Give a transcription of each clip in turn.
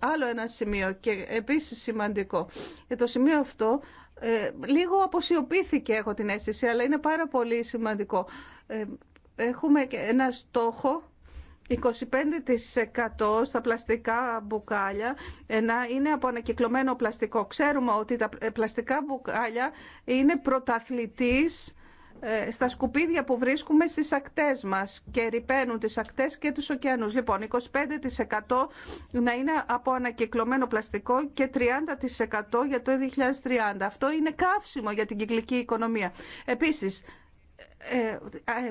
Άλλο ένα σημείο και επίσης σημαντικό. Και το σημείο αυτό ε, λίγο αποσιωπήθηκε έχω την αίσθηση, αλλά είναι πάρα πολύ σημαντικό. Ε, έχουμε ένα στόχο 25% στα πλαστικά μπουκάλια να είναι από ανακυκλωμένο πλαστικό. Ξέρουμε ότι τα ε, πλαστικά μπουκάλια είναι πρωταθλητής ε, στα σκουπίδια που βρίσκουμε στις ακτές μας και ρηπαίνουν τις ακτές και τους ωκεανούς. Λοιπόν, 25% να είναι από ανακυκλωμένο πλαστικό και 30% για το 2030. Αυτό είναι καύσιμο για την κυκλική οικονομία. Επίσης, ε, ε,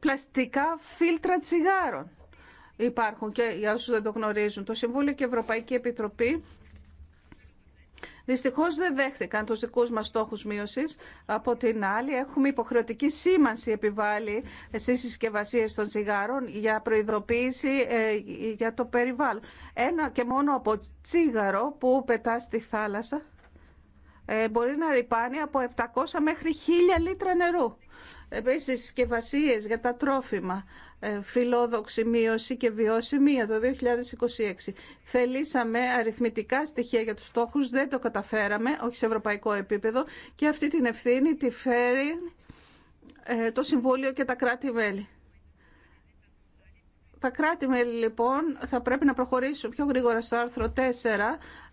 πλαστικά φίλτρα τσιγάρων υπάρχουν και για όσους δεν το γνωρίζουν. Το Συμβούλιο και η Ευρωπαϊκή Επιτροπή Δυστυχώ δεν δέχτηκαν του δικού μα στόχου μείωση, Από την άλλη έχουμε υποχρεωτική σήμανση επιβάλλει στι συσκευασίε των τσιγάρων για προειδοποίηση ε, για το περιβάλλον. Ένα και μόνο από τσίγαρο που πετά στη θάλασσα ε, μπορεί να ρηπάνει από 700 μέχρι 1000 λίτρα νερού. Επίση, συσκευασίε για τα τρόφιμα ε, φιλόδοξη μείωση και βιώσιμη για το 2026. Θελήσαμε αριθμητικά στοιχεία για τους στόχους, δεν το καταφέραμε, όχι σε ευρωπαϊκό επίπεδο και αυτή την ευθύνη τη φέρει ε, το Συμβούλιο και τα κράτη-μέλη. Τα κράτη-μέλη λοιπόν θα πρέπει να προχωρήσουν πιο γρήγορα στο άρθρο 4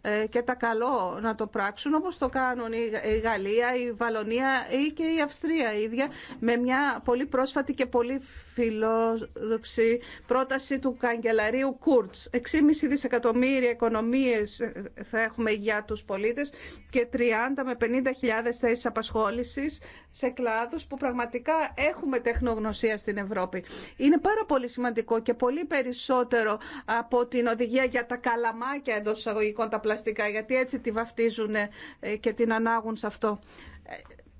ε, και τα καλό να το πράξουν όπως το κάνουν η Γαλλία, η Βαλονία ή και η Αυστρία ίδια με μια πολύ πρόσφατη και πολύ φιλόδοξη πρόταση του καγκελαρίου Κούρτς. 6,5 δισεκατομμύρια οικονομίες ε, θα έχουμε για τους πολίτες και 30 με 50 χιλιάδες θέσεις απασχόλησης σε κλάδους που πραγματικά έχουμε τεχνογνωσία στην Ευρώπη. Είναι πάρα πολύ σημαντικό και πολύ περισσότερο από την οδηγία για τα καλαμάκια εντός εισαγωγικών τα σχολαστικά, γιατί έτσι τη βαφτίζουν ε, και την ανάγουν σε αυτό. Ε,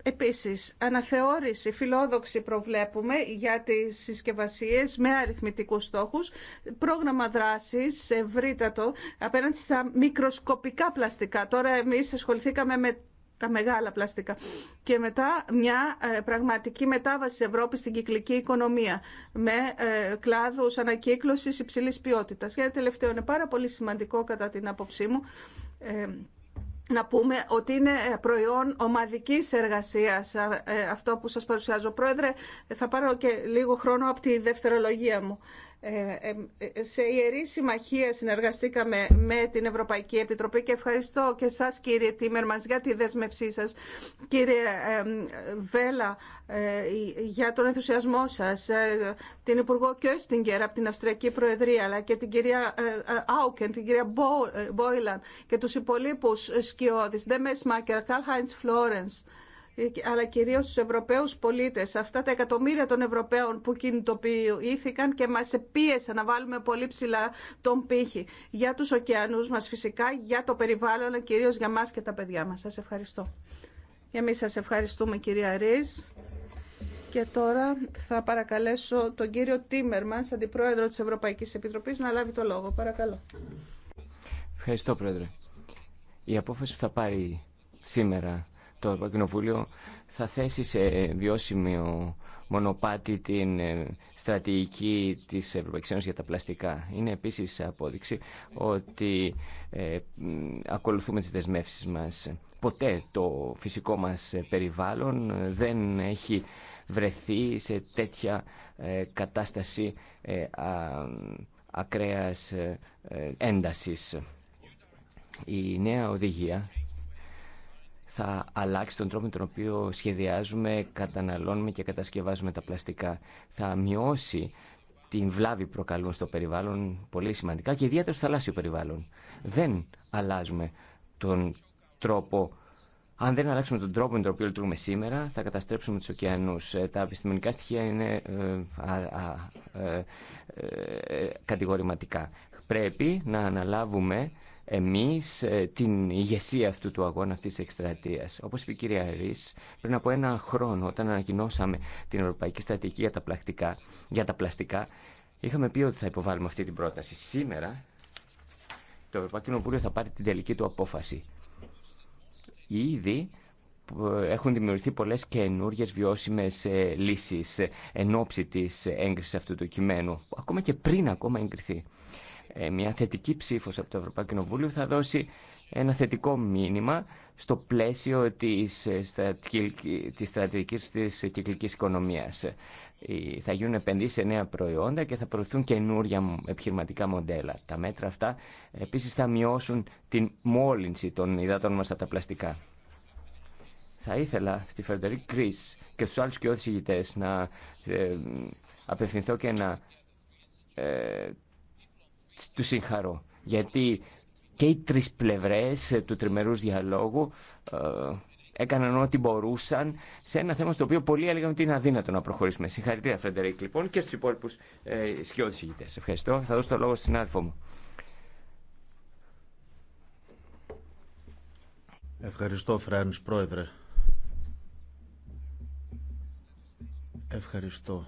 επίσης, αναθεώρηση φιλόδοξη προβλέπουμε για τις συσκευασίες με αριθμητικούς στόχους, πρόγραμμα δράσης ευρύτατο απέναντι στα μικροσκοπικά πλαστικά. Τώρα εμείς ασχοληθήκαμε με τα μεγάλα πλαστικά. Και μετά μια ε, πραγματική μετάβαση Ευρώπη Ευρώπης στην κυκλική οικονομία με ε, κλάδους ανακύκλωσης υψηλής ποιότητας. Για τελευταίο είναι πάρα πολύ σημαντικό κατά την άποψή μου ε, να πούμε ότι είναι προϊόν ομαδικής εργασίας αυτό που σας παρουσιάζω. Πρόεδρε, θα πάρω και λίγο χρόνο από τη δευτερολογία μου. Ε, ε, ε, σε ιερή συμμαχία συνεργαστήκαμε με την Ευρωπαϊκή Επιτροπή και ευχαριστώ και σας κύριε Τίμερμανς για τη δέσμευσή σας, κύριε Βέλα για τον ενθουσιασμό σας, την Υπουργό Κιόστιγκερ από την Αυστριακή Προεδρία, αλλά και την κυρία Άουκεν, την κυρία Μπόιλαν και τους υπολείπους σκιώδης, Δε Μέσμακερ, Καλ Χάιντς Φλόρενς αλλά κυρίως στους Ευρωπαίους πολίτες, αυτά τα εκατομμύρια των Ευρωπαίων που κινητοποιήθηκαν και μας επίεσαν να βάλουμε πολύ ψηλά τον πύχη για τους ωκεανούς μας φυσικά, για το περιβάλλον, αλλά κυρίως για μας και τα παιδιά μας. Σας ευχαριστώ. Εμείς σας ευχαριστούμε κυρία Ρίζ. Και τώρα θα παρακαλέσω τον κύριο Τίμερμαν, αντιπρόεδρο της Ευρωπαϊκής Επιτροπής, να λάβει το λόγο. Παρακαλώ. Ευχαριστώ, Πρόεδρε. Η απόφαση που θα πάρει σήμερα το Ευρωπαϊκό θα θέσει σε βιώσιμο μονοπάτι την ε, στρατηγική της Ευρωπαϊκής Ένωσης για τα πλαστικά. Είναι επίσης απόδειξη ότι ε, ακολουθούμε τις δεσμεύσεις μας. Ποτέ το φυσικό μας περιβάλλον δεν έχει βρεθεί σε τέτοια ε, κατάσταση ε, α, ακραίας έντασης. Η νέα οδηγία θα αλλάξει τον τρόπο με τον οποίο σχεδιάζουμε, καταναλώνουμε και κατασκευάζουμε τα πλαστικά. Θα μειώσει την βλάβη προκαλούν στο περιβάλλον πολύ σημαντικά και ιδιαίτερα στο θαλάσσιο περιβάλλον. Δεν αλλάζουμε τον τρόπο. Αν δεν αλλάξουμε τον τρόπο με τον οποίο λειτουργούμε σήμερα, θα καταστρέψουμε του ωκεανού. Ε, τα επιστημονικά στοιχεία είναι ε, α, α, ε, κατηγορηματικά. Πρέπει να αναλάβουμε εμείς ε, την ηγεσία αυτού του αγώνα αυτής της εκστρατείας. Όπως είπε η κυρία Ρης, πριν από ένα χρόνο όταν ανακοινώσαμε την Ευρωπαϊκή Στρατηγική για τα, για τα πλαστικά, είχαμε πει ότι θα υποβάλουμε αυτή την πρόταση. Σήμερα το Ευρωπαϊκό Κοινοβούλιο θα πάρει την τελική του απόφαση. Ήδη ε, έχουν δημιουργηθεί πολλές καινούργιες βιώσιμες ε, λύσεις εν ώψη της έγκρισης αυτού του κειμένου, ακόμα και πριν ακόμα εγκριθεί. Ε, μια θετική ψήφος από το Ευρωπαϊκό Κοινοβούλιο θα δώσει ένα θετικό μήνυμα στο πλαίσιο της, ε, της στρατηγικής της κυκλικής οικονομίας. Ε, θα γίνουν επενδύσεις σε νέα προϊόντα και θα προωθούν καινούρια επιχειρηματικά μοντέλα. Τα μέτρα αυτά επίσης θα μειώσουν την μόλυνση των υδάτων μας από τα πλαστικά. Θα ήθελα στη Φερντερή Κρίς και στους άλλους κοιόδης ηγητές να απευθυνθώ και να του συγχαρώ. Γιατί και οι τρεις πλευρές ε, του τριμερούς διαλόγου ε, έκαναν ό,τι μπορούσαν σε ένα θέμα στο οποίο πολλοί έλεγαν ότι είναι αδύνατο να προχωρήσουμε. Συγχαρητήρια, Φρεντερίκ, λοιπόν, και στους υπόλοιπους ε, σκιώδη ηγητέ. Ευχαριστώ. Θα δώσω το λόγο στην συνάδελφό μου. Ευχαριστώ, Φράνς, Πρόεδρε. Ευχαριστώ.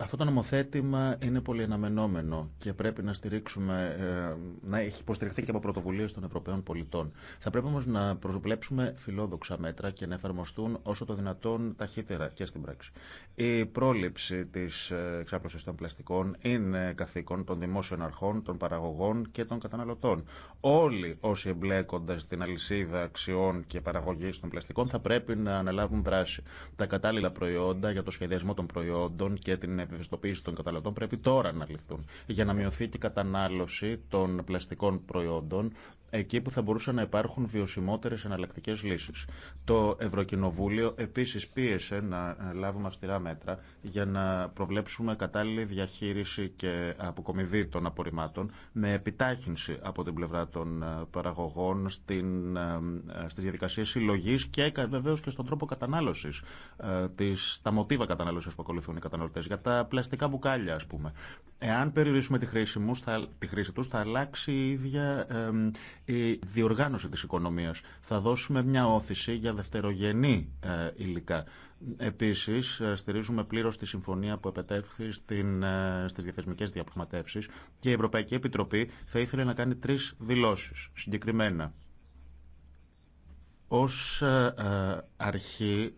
Αυτό το νομοθέτημα είναι πολύ αναμενόμενο και πρέπει να στηρίξουμε, ε, να έχει υποστηριχθεί και από πρωτοβουλίε των Ευρωπαίων πολιτών. Θα πρέπει όμω να προσβλέψουμε φιλόδοξα μέτρα και να εφαρμοστούν όσο το δυνατόν ταχύτερα και στην πράξη. Η πρόληψη τη ε, εξάπλωση των πλαστικών είναι καθήκον των δημόσιων αρχών, των παραγωγών και των καταναλωτών. Όλοι όσοι εμπλέκονται στην αλυσίδα αξιών και παραγωγή των πλαστικών θα πρέπει να αναλάβουν δράση. Τα κατάλληλα προϊόντα για το σχεδιασμό των προϊόντων και την ευαισθητοποίηση των καταναλωτών πρέπει τώρα να ληφθούν για να μειωθεί και η κατανάλωση των πλαστικών προϊόντων εκεί που θα μπορούσαν να υπάρχουν βιωσιμότερε εναλλακτικέ λύσει. Το Ευρωκοινοβούλιο επίση πίεσε να λάβουμε αυστηρά μέτρα για να προβλέψουμε κατάλληλη διαχείριση και αποκομιδή των απορριμμάτων με επιτάχυνση από την πλευρά των ε, παραγωγών ε, ε, στι διαδικασίε συλλογή και βεβαίω και στον τρόπο κατανάλωση τα μοτίβα κατανάλωση που ακολουθούν οι καταναλωτές, για τα πλαστικά μπουκάλια α πούμε. Εάν περιορίσουμε τη χρήση, του, θα αλλάξει η ίδια η διοργάνωση της οικονομίας. Θα δώσουμε μια όθηση για δευτερογενή ε, υλικά. Επίσης, ε, στηρίζουμε πλήρως τη συμφωνία που επετέφθη στην, ε, στις διαθεσμικές διαπραγματεύσεις και η Ευρωπαϊκή Επιτροπή θα ήθελε να κάνει τρεις δηλώσεις συγκεκριμένα. Ως αρχή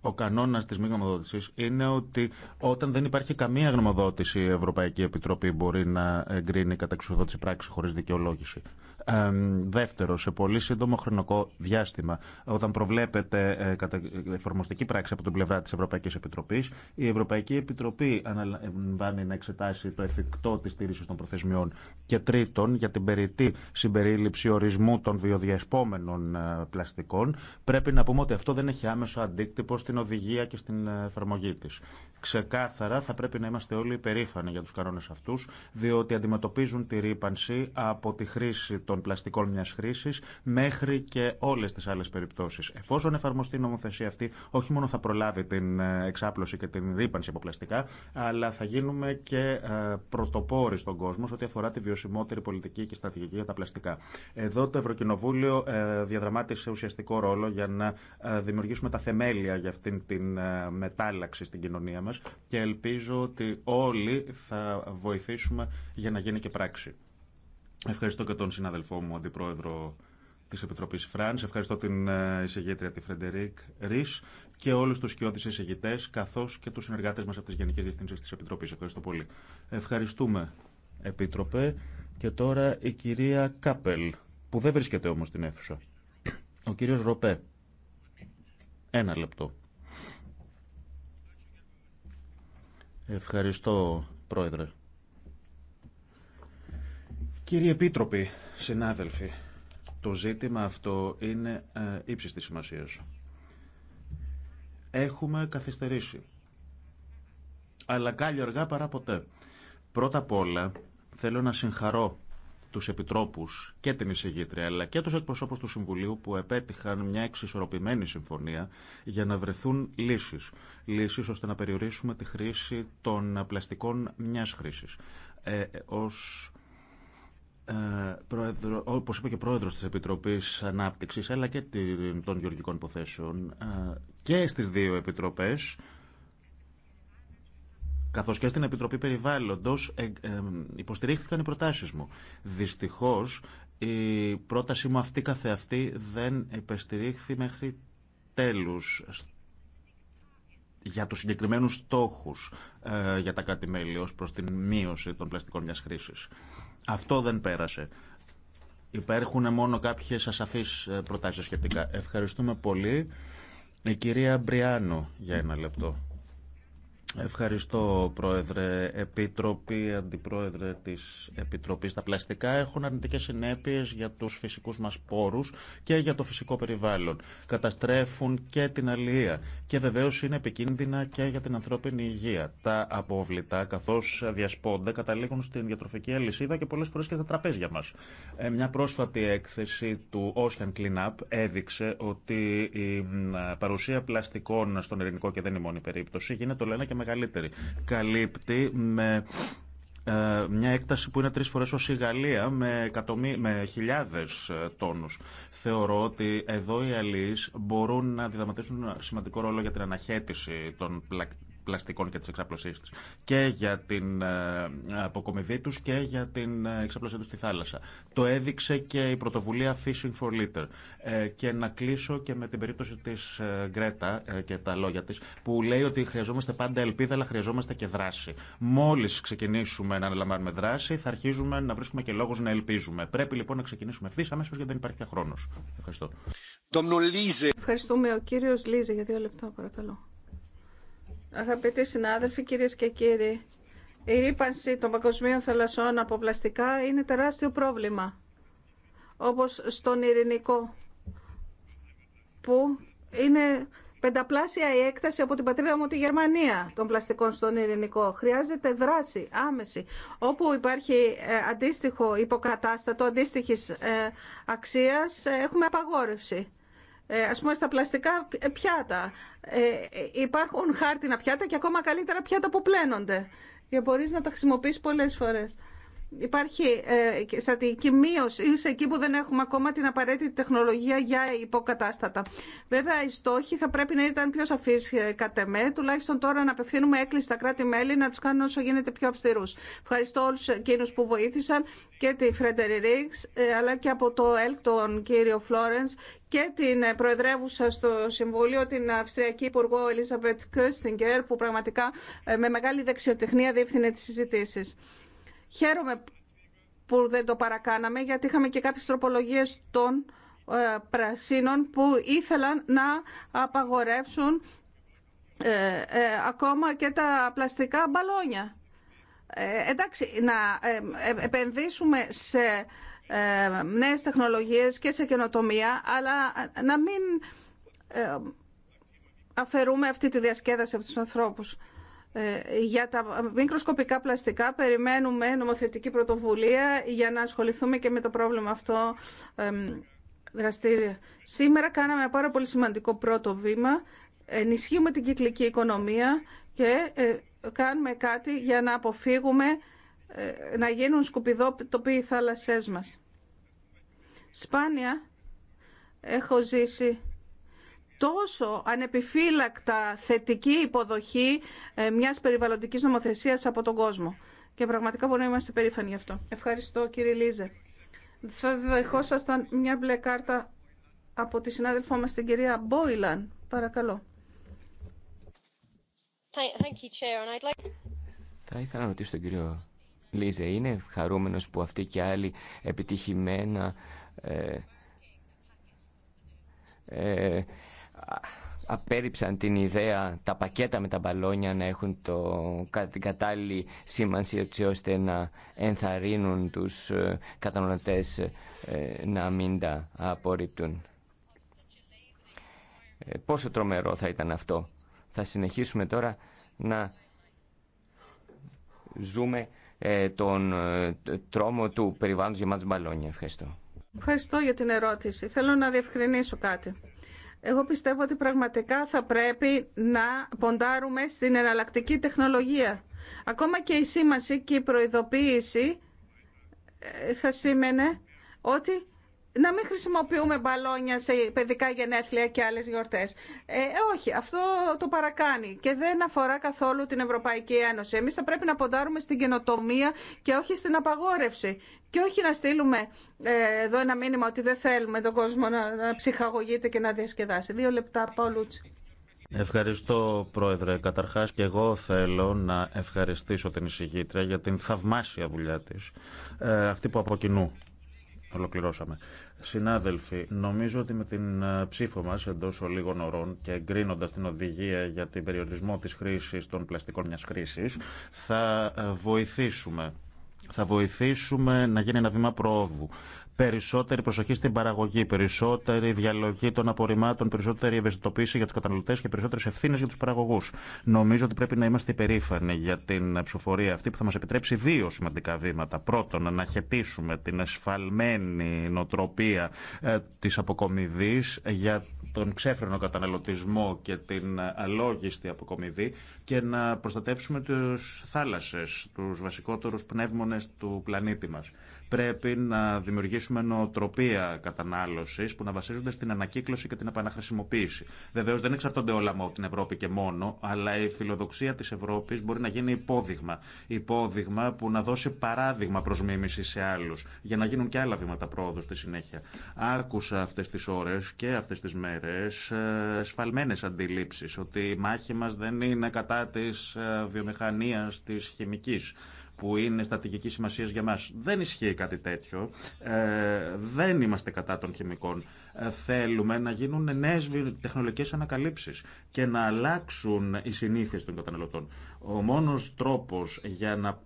ο κανόνα τη μη γνωμοδότηση είναι ότι όταν δεν υπάρχει καμία γνωμοδότηση, η Ευρωπαϊκή Επιτροπή μπορεί να εγκρίνει εξουσιοδότηση πράξη χωρί δικαιολόγηση. Ε, δεύτερο, σε πολύ σύντομο χρονικό διάστημα, όταν προβλέπεται ε, κατα... εφαρμοστική πράξη από την πλευρά τη Ευρωπαϊκή Επιτροπή, η Ευρωπαϊκή Επιτροπή αναλαμβάνει να εξετάσει το εφικτό τη στήριξη των προθεσμιών. Και τρίτον, για την περιττή συμπερίληψη ορισμού των βιοδιασπόμενων ε, πλαστικών, πρέπει να πούμε ότι αυτό δεν έχει άμεσο αντίκτυπο στην οδηγία και στην ε, εφαρμογή τη. Ξεκάθαρα θα πρέπει να είμαστε όλοι υπερήφανοι για του κανόνε αυτού, διότι αντιμετωπίζουν τη ρήπανση από τη χρήση των πλαστικών μια χρήση μέχρι και όλε τι άλλε περιπτώσει. Εφόσον εφαρμοστεί η νομοθεσία αυτή, όχι μόνο θα προλάβει την ε, εξάπλωση και την ρήπανση από πλαστικά, αλλά θα γίνουμε και ε, πρωτοπόροι στον κόσμο σε ό,τι αφορά τη βιωσιμότερη πολιτική και στρατηγική για τα πλαστικά. Εδώ το Ευρωκοινοβούλιο ε, διαδραμάτισε ουσιαστικό ρόλο για να δημιουργήσουμε τα θεμέλια για αυτήν την μετάλλαξη στην κοινωνία μα και ελπίζω ότι όλοι θα βοηθήσουμε για να γίνει και πράξη. Ευχαριστώ και τον συνάδελφό μου, αντιπρόεδρο τη Επιτροπή Φραν. Ευχαριστώ την ε, εισηγήτρια τη Φρεντερίκ Ρη και όλου του σκιώδει εισηγητέ, καθώ και του συνεργάτε μα από τι Γενικέ Διευθύνσει τη Επιτροπή. Ευχαριστώ πολύ. Ευχαριστούμε, Επίτροπε. Και τώρα η κυρία Κάπελ, που δεν βρίσκεται όμω στην αίθουσα. Ο κύριο Ροπέ. Ένα λεπτό. Ευχαριστώ, Πρόεδρε. Κύριε Επίτροπη, συνάδελφοι, το ζήτημα αυτό είναι ε, ύψης της σημασίας. Έχουμε καθυστερήσει. Αλλά κάλλιο αργά παρά ποτέ. Πρώτα απ' όλα θέλω να συγχαρώ τους επιτρόπους και την εισηγήτρια αλλά και τους εκπροσώπους του Συμβουλίου που επέτυχαν μια εξισορροπημένη συμφωνία για να βρεθούν λύσεις. Λύσεις ώστε να περιορίσουμε τη χρήση των πλαστικών μιας χρήσης. Ε, ε ως ε, πρόεδρο, όπως είπε και πρόεδρος της Επιτροπής Ανάπτυξης αλλά και των γεωργικών υποθέσεων ε, και στις δύο επιτροπές καθώς και στην Επιτροπή Περιβάλλοντος ε, υποστηρίχθηκαν οι προτάσεις μου. Δυστυχώς η πρότασή μου αυτή καθεαυτή δεν υπεστηρίχθη μέχρι τέλους για τους συγκεκριμένους στόχους ε, για τα κάτι μελη ως προς την μείωση των πλαστικών μιας χρήσης. Αυτό δεν πέρασε. Υπέρχουν μόνο κάποιες ασαφείς ε, προτάσεις σχετικά. Ευχαριστούμε πολύ. Η κυρία Μπριάνο για ένα λεπτό. Ευχαριστώ, Πρόεδρε. Επίτροπη, Αντιπρόεδρε της Επιτροπής. Τα πλαστικά έχουν αρνητικές συνέπειες για τους φυσικούς μας πόρους και για το φυσικό περιβάλλον. Καταστρέφουν και την αλληλεία και βεβαίως είναι επικίνδυνα και για την ανθρώπινη υγεία. Τα απόβλητα, καθώς διασπώνται, καταλήγουν στην διατροφική αλυσίδα και πολλές φορές και στα τραπέζια μας. Ε, μια πρόσφατη έκθεση του Ocean Cleanup έδειξε ότι η παρουσία πλαστικών στον ελληνικό και δεν είναι μόνη περίπτωση γίνεται το λένε και μεγαλύτερη. Καλύπτει με ε, μια έκταση που είναι τρεις φορές ως η Γαλλία με, χιλιάδε με χιλιάδες ε, τόνους. Θεωρώ ότι εδώ οι αλείς μπορούν να διδαματίσουν σημαντικό ρόλο για την αναχέτηση των πλαστικών και τη εξάπλωσή τη. Και για την ε, αποκομιδή του και για την ε, εξάπλωσή του στη θάλασσα. Το έδειξε και η πρωτοβουλία Fishing for Litter. Ε, και να κλείσω και με την περίπτωση τη Γκρέτα και τα λόγια τη, που λέει ότι χρειαζόμαστε πάντα ελπίδα, αλλά χρειαζόμαστε και δράση. Μόλι ξεκινήσουμε να αναλαμβάνουμε δράση, θα αρχίζουμε να βρίσκουμε και λόγου να ελπίζουμε. Πρέπει λοιπόν να ξεκινήσουμε ευθύ αμέσω, γιατί δεν υπάρχει πια χρόνο. Ευχαριστώ. Ευχαριστούμε. Ο κύριο Λίζε για δύο λεπτά, παρακαλώ. Αγαπητοί συνάδελφοι, κυρίες και κύριοι, η ρήπανση των παγκοσμίων θαλασσών από πλαστικά είναι τεράστιο πρόβλημα, όπως στον Ειρηνικό, που είναι πενταπλάσια η έκταση από την πατρίδα μου τη Γερμανία των πλαστικών στον Ειρηνικό. Χρειάζεται δράση άμεση. Όπου υπάρχει ε, αντίστοιχο υποκατάστατο αντίστοιχης ε, αξίας, ε, έχουμε απαγόρευση. Ε, ας πούμε στα πλαστικά πιάτα. Ε, υπάρχουν χάρτινα πιάτα και ακόμα καλύτερα πιάτα που πλένονται. Και μπορείς να τα χρησιμοποιείς πολλές φορές υπάρχει ε, στρατηγική μείωση σε εκεί που δεν έχουμε ακόμα την απαραίτητη τεχνολογία για υποκατάστατα. Βέβαια, οι στόχοι θα πρέπει να ήταν πιο σαφεί ε, κατά εμέ, τουλάχιστον τώρα να απευθύνουμε έκκληση στα κράτη-μέλη να του κάνουν όσο γίνεται πιο αυστηρού. Ευχαριστώ όλου εκείνου που βοήθησαν και τη Φρέντερη Ρίξ, ε, αλλά και από το ΕΛΚ τον κύριο Φλόρεν και την ε, Προεδρεύουσα στο Συμβούλιο, την Αυστριακή Υπουργό Ελίζαμπετ Κούστιγκερ, που πραγματικά με μεγάλη δεξιοτεχνία διεύθυνε τι συζητήσει. Χαίρομαι που δεν το παρακάναμε γιατί είχαμε και κάποιες τροπολογίες των ε, πρασίνων που ήθελαν να απαγορεύσουν ε, ε, ακόμα και τα πλαστικά μπαλόνια. εντάξει, να επενδύσουμε σε νέες τεχνολογίες και σε καινοτομία, αλλά να μην αφαιρούμε αυτή τη διασκέδαση από τους ανθρώπους. Ε, για τα μικροσκοπικά πλαστικά περιμένουμε νομοθετική πρωτοβουλία για να ασχοληθούμε και με το πρόβλημα αυτό δραστήρια. Σήμερα κάναμε ένα πάρα πολύ σημαντικό πρώτο βήμα. Ενισχύουμε την κυκλική οικονομία και ε, κάνουμε κάτι για να αποφύγουμε ε, να γίνουν σκουπιδό οι θάλασσές μας. Σπάνια έχω ζήσει τόσο ανεπιφύλακτα θετική υποδοχή ε, μιας περιβαλλοντικής νομοθεσίας από τον κόσμο. Και πραγματικά μπορούμε να είμαστε περήφανοι γι' αυτό. Ευχαριστώ κύριε Λίζε. Θα δεχόσασταν μια μπλε κάρτα από τη συνάδελφό μας την κυρία Μπόιλαν. Παρακαλώ. Θα ήθελα να ρωτήσω τον κύριο Λίζε. Είναι χαρούμενος που αυτοί και άλλοι επιτυχημένα ε, ε, απέρριψαν την ιδέα τα πακέτα με τα μπαλόνια να έχουν το, την κατάλληλη σήμανση έτσι ώστε να ενθαρρύνουν τους ε, καταναλωτές ε, να μην τα απορρίπτουν. Ε, πόσο τρομερό θα ήταν αυτό. Θα συνεχίσουμε τώρα να ζούμε τον τρόμο του περιβάλλοντος γεμάτος μπαλόνια. Ευχαριστώ. Ευχαριστώ για την ερώτηση. Θέλω να διευκρινίσω κάτι. Εγώ πιστεύω ότι πραγματικά θα πρέπει να ποντάρουμε στην εναλλακτική τεχνολογία. Ακόμα και η σήμανση και η προειδοποίηση ε, θα σήμαινε ότι να μην χρησιμοποιούμε μπαλόνια σε παιδικά γενέθλια και άλλες γιορτές. Ε, ε, όχι, αυτό το παρακάνει και δεν αφορά καθόλου την Ευρωπαϊκή Ένωση. Εμείς θα πρέπει να ποντάρουμε στην καινοτομία και όχι στην απαγόρευση. Και όχι να στείλουμε ε, εδώ ένα μήνυμα ότι δεν θέλουμε τον κόσμο να, να ψυχαγωγείται και να διασκεδάσει. Δύο λεπτά, Παολούτσι. Ευχαριστώ Πρόεδρε. Καταρχάς και εγώ θέλω να ευχαριστήσω την εισηγήτρια για την θαυμάσια δουλειά της. Ε, αυτή που από κοινού Ολοκληρώσαμε. Συνάδελφοι, νομίζω ότι με την ε, ψήφο μα εντό λίγων ωρών και εγκρίνοντα την οδηγία για την περιορισμό τη χρήση των πλαστικών μια χρήση, θα ε, βοηθήσουμε. Θα βοηθήσουμε να γίνει ένα βήμα προόδου περισσότερη προσοχή στην παραγωγή, περισσότερη διαλογή των απορριμμάτων, περισσότερη ευαισθητοποίηση για του καταναλωτέ και περισσότερε ευθύνε για του παραγωγού. Νομίζω ότι πρέπει να είμαστε υπερήφανοι για την ψηφοφορία αυτή που θα μα επιτρέψει δύο σημαντικά βήματα. Πρώτον, να αναχαιτήσουμε την εσφαλμένη νοοτροπία ε, τη αποκομιδή για τον ξέφρενο καταναλωτισμό και την αλόγιστη αποκομιδή και να προστατεύσουμε τι θάλασσε, του βασικότερου πνεύμονε του πλανήτη μα πρέπει να δημιουργήσουμε νοοτροπία κατανάλωση που να βασίζονται στην ανακύκλωση και την επαναχρησιμοποίηση. Βεβαίω δεν εξαρτώνται όλα από την Ευρώπη και μόνο, αλλά η φιλοδοξία τη Ευρώπη μπορεί να γίνει υπόδειγμα. Υπόδειγμα που να δώσει παράδειγμα προ μίμηση σε άλλου, για να γίνουν και άλλα βήματα πρόοδου στη συνέχεια. Άκουσα αυτέ τι ώρε και αυτέ τι μέρε σφαλμένε αντιλήψει ότι η μάχη μα δεν είναι κατά τη ε, βιομηχανία τη χημική που είναι στατικική σημασία για μα. Δεν ισχύει κάτι τέτοιο. Ε, δεν είμαστε κατά των χημικών. Ε, θέλουμε να γίνουν νέε τεχνολογικέ ανακαλύψει και να αλλάξουν οι συνήθειε των καταναλωτών. Ο μόνο τρόπο για να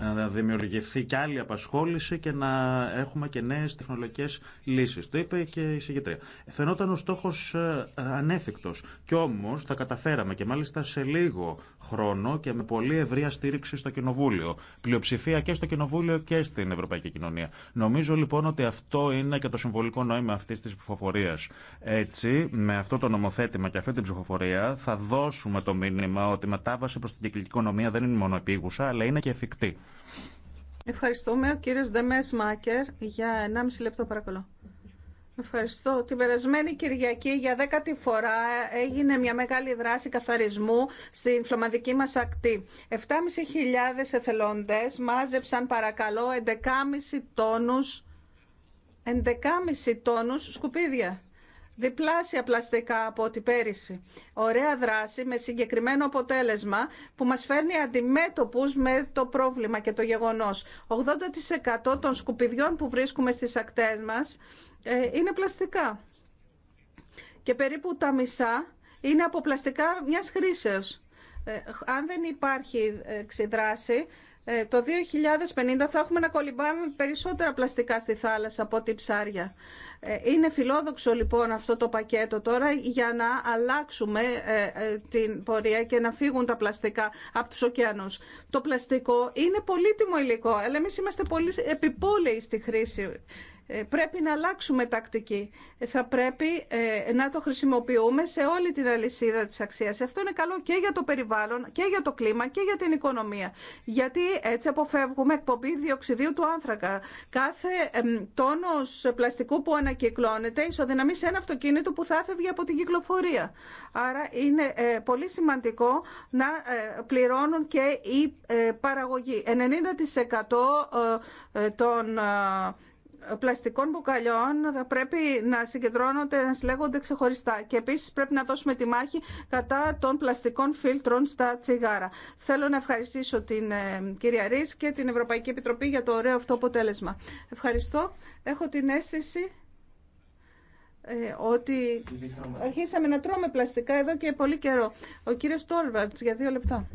να δημιουργηθεί και άλλη απασχόληση και να έχουμε και νέες τεχνολογικές λύσεις. Το είπε και η συγκεκριά. Φαινόταν ο στόχος ε, ανέφικτος Κι όμως θα καταφέραμε και μάλιστα σε λίγο χρόνο και με πολύ ευρία στήριξη στο Κοινοβούλιο. Πλειοψηφία και στο Κοινοβούλιο και στην Ευρωπαϊκή Κοινωνία. Νομίζω λοιπόν ότι αυτό είναι και το συμβολικό νόημα αυτής της ψηφοφορία. Έτσι, με αυτό το νομοθέτημα και αυτή την ψηφοφορία θα δώσουμε το μήνυμα ότι η μετάβαση προς την κυκλική οικονομία δεν είναι μόνο επίγουσα αλλά είναι και εφικτή. Ευχαριστούμε. Ο κύριος Δεμές Μάκερ για 1,5 λεπτό παρακαλώ. Ευχαριστώ. Την περασμένη Κυριακή για δέκατη φορά έγινε μια μεγάλη δράση καθαρισμού στην φλωμαδική μας ακτή. 7.500 εθελοντές μάζεψαν παρακαλώ 11,5 τόνους, 11,5 τόνους σκουπίδια διπλάσια πλαστικά από ό,τι πέρυσι. Ωραία δράση με συγκεκριμένο αποτέλεσμα που μας φέρνει αντιμέτωπους με το πρόβλημα και το γεγονός. 80% των σκουπιδιών που βρίσκουμε στις ακτές μας ε, είναι πλαστικά και περίπου τα μισά είναι από πλαστικά μιας χρήσεως. Ε, αν δεν υπάρχει ε, ξεδράση, το 2050 θα έχουμε να κολυμπάμε περισσότερα πλαστικά στη θάλασσα από ό,τι ψάρια. Ε, είναι φιλόδοξο λοιπόν αυτό το πακέτο τώρα για να αλλάξουμε ε, ε, την πορεία και να φύγουν τα πλαστικά από τους ωκεανούς. Το πλαστικό είναι πολύτιμο υλικό, αλλά εμείς είμαστε πολύ επιπόλαιοι στη χρήση ε, πρέπει να αλλάξουμε τακτική. Ε, θα πρέπει ε, να το χρησιμοποιούμε σε όλη την αλυσίδα της αξίας. Αυτό είναι καλό και για το περιβάλλον, και για το κλίμα, και για την οικονομία. Γιατί έτσι αποφεύγουμε εκπομπή διοξιδίου του άνθρακα. Κάθε τόνος πλαστικού που ανακυκλώνεται ισοδυναμεί σε ένα αυτοκίνητο που θα έφευγε από την κυκλοφορία. Άρα είναι πολύ σημαντικό να πληρώνουν και οι παραγωγή 90% των πλαστικών μπουκαλιών θα πρέπει να συγκεντρώνονται, να συλλέγονται ξεχωριστά. Και επίσης πρέπει να δώσουμε τη μάχη κατά των πλαστικών φίλτρων στα τσιγάρα. Θέλω να ευχαριστήσω την ε, κυρία Ρής και την Ευρωπαϊκή Επιτροπή για το ωραίο αυτό αποτέλεσμα. Ευχαριστώ. Έχω την αίσθηση ε, ότι αρχίσαμε να τρώμε πλαστικά εδώ και πολύ καιρό. Ο κύριος Τόρβαρτς για δύο λεπτά.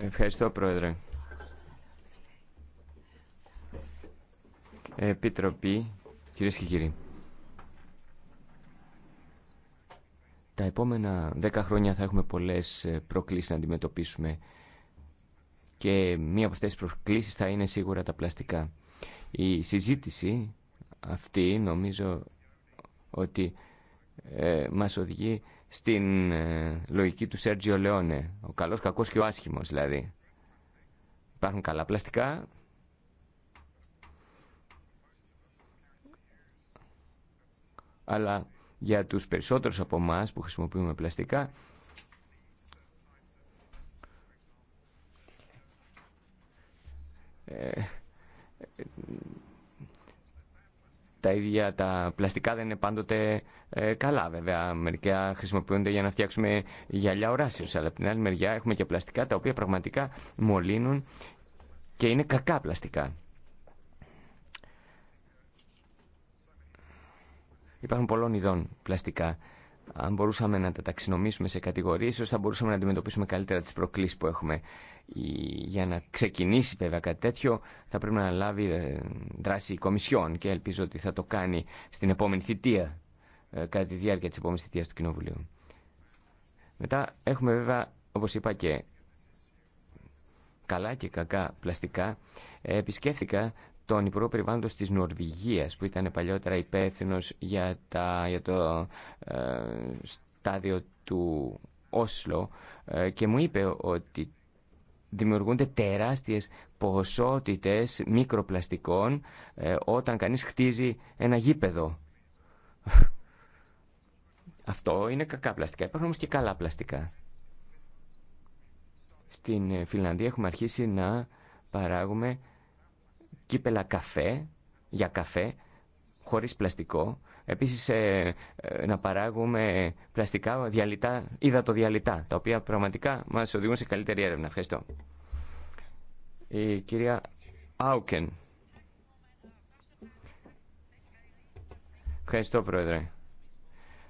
Ευχαριστώ, Πρόεδρε. Επιτροπή, κυρίες και κύριοι. Τα επόμενα δέκα χρόνια θα έχουμε πολλές ε, προκλήσεις να αντιμετωπίσουμε και μία από αυτές τις προκλήσεις θα είναι σίγουρα τα πλαστικά. Η συζήτηση αυτή νομίζω ότι ε, μας οδηγεί στην ε, λογική του Σέργιο Λεόνε. Ο καλός, κακός και ο άσχημος δηλαδή. Υπάρχουν καλά πλαστικά αλλά για τους περισσότερους από εμά που χρησιμοποιούμε πλαστικά ε, τα ίδια τα πλαστικά δεν είναι πάντοτε ε, καλά βέβαια. Μερικά χρησιμοποιούνται για να φτιάξουμε γυαλιά οράσεως, αλλά από την άλλη μεριά έχουμε και πλαστικά τα οποία πραγματικά μολύνουν και είναι κακά πλαστικά. Υπάρχουν πολλών ειδών πλαστικά. Αν μπορούσαμε να τα ταξινομήσουμε σε κατηγορίε, ίσως θα μπορούσαμε να αντιμετωπίσουμε καλύτερα τι προκλήσει που έχουμε. Για να ξεκινήσει βέβαια κάτι τέτοιο, θα πρέπει να λάβει ε, δράση η Κομισιόν και ελπίζω ότι θα το κάνει στην επόμενη θητεία, ε, κατά τη διάρκεια τη επόμενη θητεία του Κοινοβουλίου. Μετά έχουμε βέβαια, όπω είπα και καλά και κακά πλαστικά. Ε, επισκέφθηκα τον Υπουργό περιβάλλοντο τη Νορβηγία που ήταν παλιότερα υπεύθυνο για, για το ε, στάδιο του Όσλο ε, και μου είπε ότι δημιουργούνται τεράστιες ποσότητες μικροπλαστικών ε, όταν κανείς χτίζει ένα γήπεδο. Αυτό είναι κακά πλαστικά. Υπάρχουν όμως και καλά πλαστικά. Στην Φιλανδία έχουμε αρχίσει να παράγουμε κύπελα καφέ, για καφέ, χωρίς πλαστικό. Επίσης ε, ε, να παράγουμε πλαστικά διαλυτά, υδατοδιαλυτά, τα οποία πραγματικά μας οδηγούν σε καλύτερη έρευνα. Ευχαριστώ. Η κυρία Άουκεν. Ευχαριστώ, Πρόεδρε.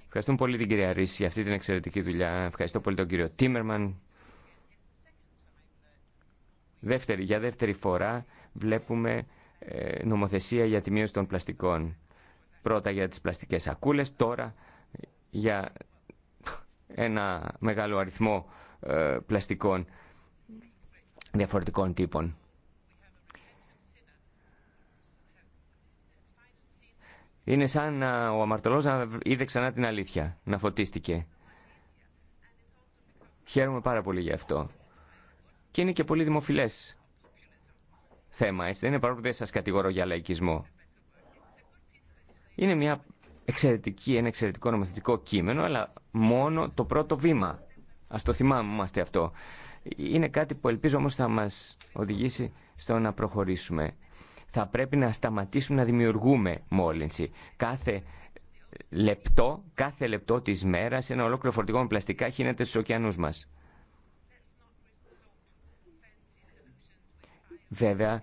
Ευχαριστούμε πολύ την κυρία Ρίση για αυτή την εξαιρετική δουλειά. Ευχαριστώ πολύ τον κύριο Τίμερμαν Δεύτερη, για δεύτερη φορά βλέπουμε ε, νομοθεσία για τη μείωση των πλαστικών. Πρώτα για τις πλαστικές σακούλες, τώρα για ένα μεγάλο αριθμό ε, πλαστικών διαφορετικών τύπων. Είναι σαν να ο αμαρτωλός να είδε ξανά την αλήθεια, να φωτίστηκε. Χαίρομαι πάρα πολύ γι' αυτό και είναι και πολύ δημοφιλέ θέμα. Έτσι. Δεν είναι παρόλο που δεν σα κατηγορώ για λαϊκισμό. Είναι μια εξαιρετική, ένα εξαιρετικό νομοθετικό κείμενο, αλλά μόνο το πρώτο βήμα. Α το θυμάμαστε αυτό. Είναι κάτι που ελπίζω όμω θα μα οδηγήσει στο να προχωρήσουμε. Θα πρέπει να σταματήσουμε να δημιουργούμε μόλυνση. Κάθε λεπτό, κάθε λεπτό της μέρας ένα ολόκληρο φορτηγό με πλαστικά χύνεται στους ωκεανούς μας. Βέβαια,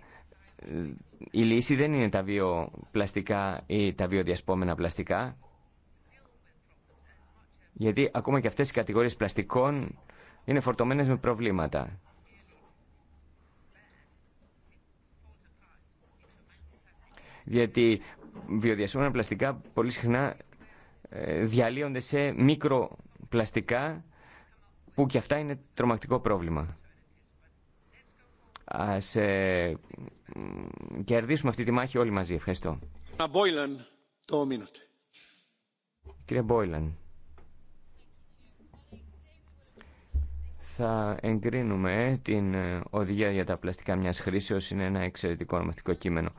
ε, η λύση δεν είναι τα βιοπλαστικά ή τα βιοδιασπόμενα πλαστικά, γιατί ακόμα και αυτές οι κατηγορίες πλαστικών είναι φορτωμένες με προβλήματα. Γιατί βιοδιασπόμενα πλαστικά πολύ συχνά ε, διαλύονται σε μικροπλαστικά που και αυτά είναι τρομακτικό πρόβλημα. Ας ε, κερδίσουμε αυτή τη μάχη όλοι μαζί. Ευχαριστώ. το Κύριε Μπόιλαν, θα εγκρίνουμε την ε, οδηγία για τα πλαστικά μιας χρήσεως. Είναι ένα εξαιρετικό νομοθετικό κείμενο.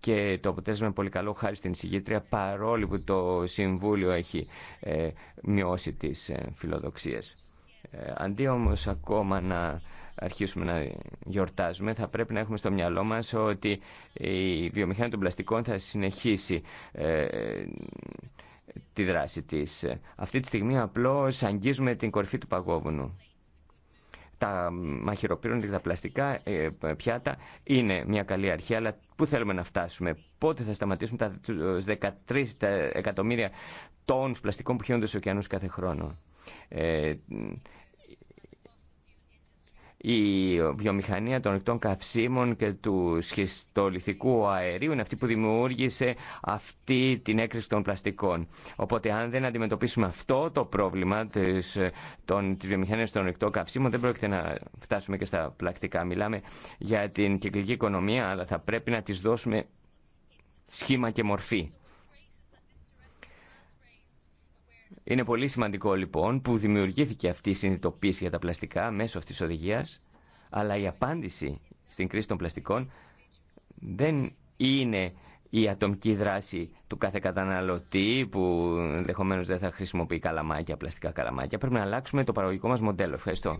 Και το αποτέλεσμα είναι πολύ καλό χάρη στην εισηγήτρια παρόλο που το Συμβούλιο έχει ε, μειώσει τις ε, ε, αντί όμως ακόμα να αρχίσουμε να γιορτάζουμε, θα πρέπει να έχουμε στο μυαλό μας ότι η βιομηχανία των πλαστικών θα συνεχίσει ε, τη δράση της. Αυτή τη στιγμή απλώς αγγίζουμε την κορυφή του παγόβουνου. Τα μαχαιροπύρων και τα πλαστικά ε, πιάτα είναι μια καλή αρχή, αλλά πού θέλουμε να φτάσουμε, πότε θα σταματήσουμε τα 13 εκατομμύρια τόνους πλαστικών που χύνονται στους ωκεανούς κάθε χρόνο. Ε, η βιομηχανία των ρηκτών καυσίμων και του σχιστολιθικού αερίου είναι αυτή που δημιούργησε αυτή την έκρηξη των πλαστικών. Οπότε αν δεν αντιμετωπίσουμε αυτό το πρόβλημα της, των, της βιομηχανίας των ρηκτών καυσίμων δεν πρόκειται να φτάσουμε και στα πλακτικά. Μιλάμε για την κυκλική οικονομία αλλά θα πρέπει να της δώσουμε σχήμα και μορφή. Είναι πολύ σημαντικό λοιπόν που δημιουργήθηκε αυτή η συνειδητοποίηση για τα πλαστικά μέσω αυτής της οδηγίας, αλλά η απάντηση στην κρίση των πλαστικών δεν είναι η ατομική δράση του κάθε καταναλωτή που ενδεχομένω δεν θα χρησιμοποιεί καλαμάκια, πλαστικά καλαμάκια. Πρέπει να αλλάξουμε το παραγωγικό μας μοντέλο. Ευχαριστώ.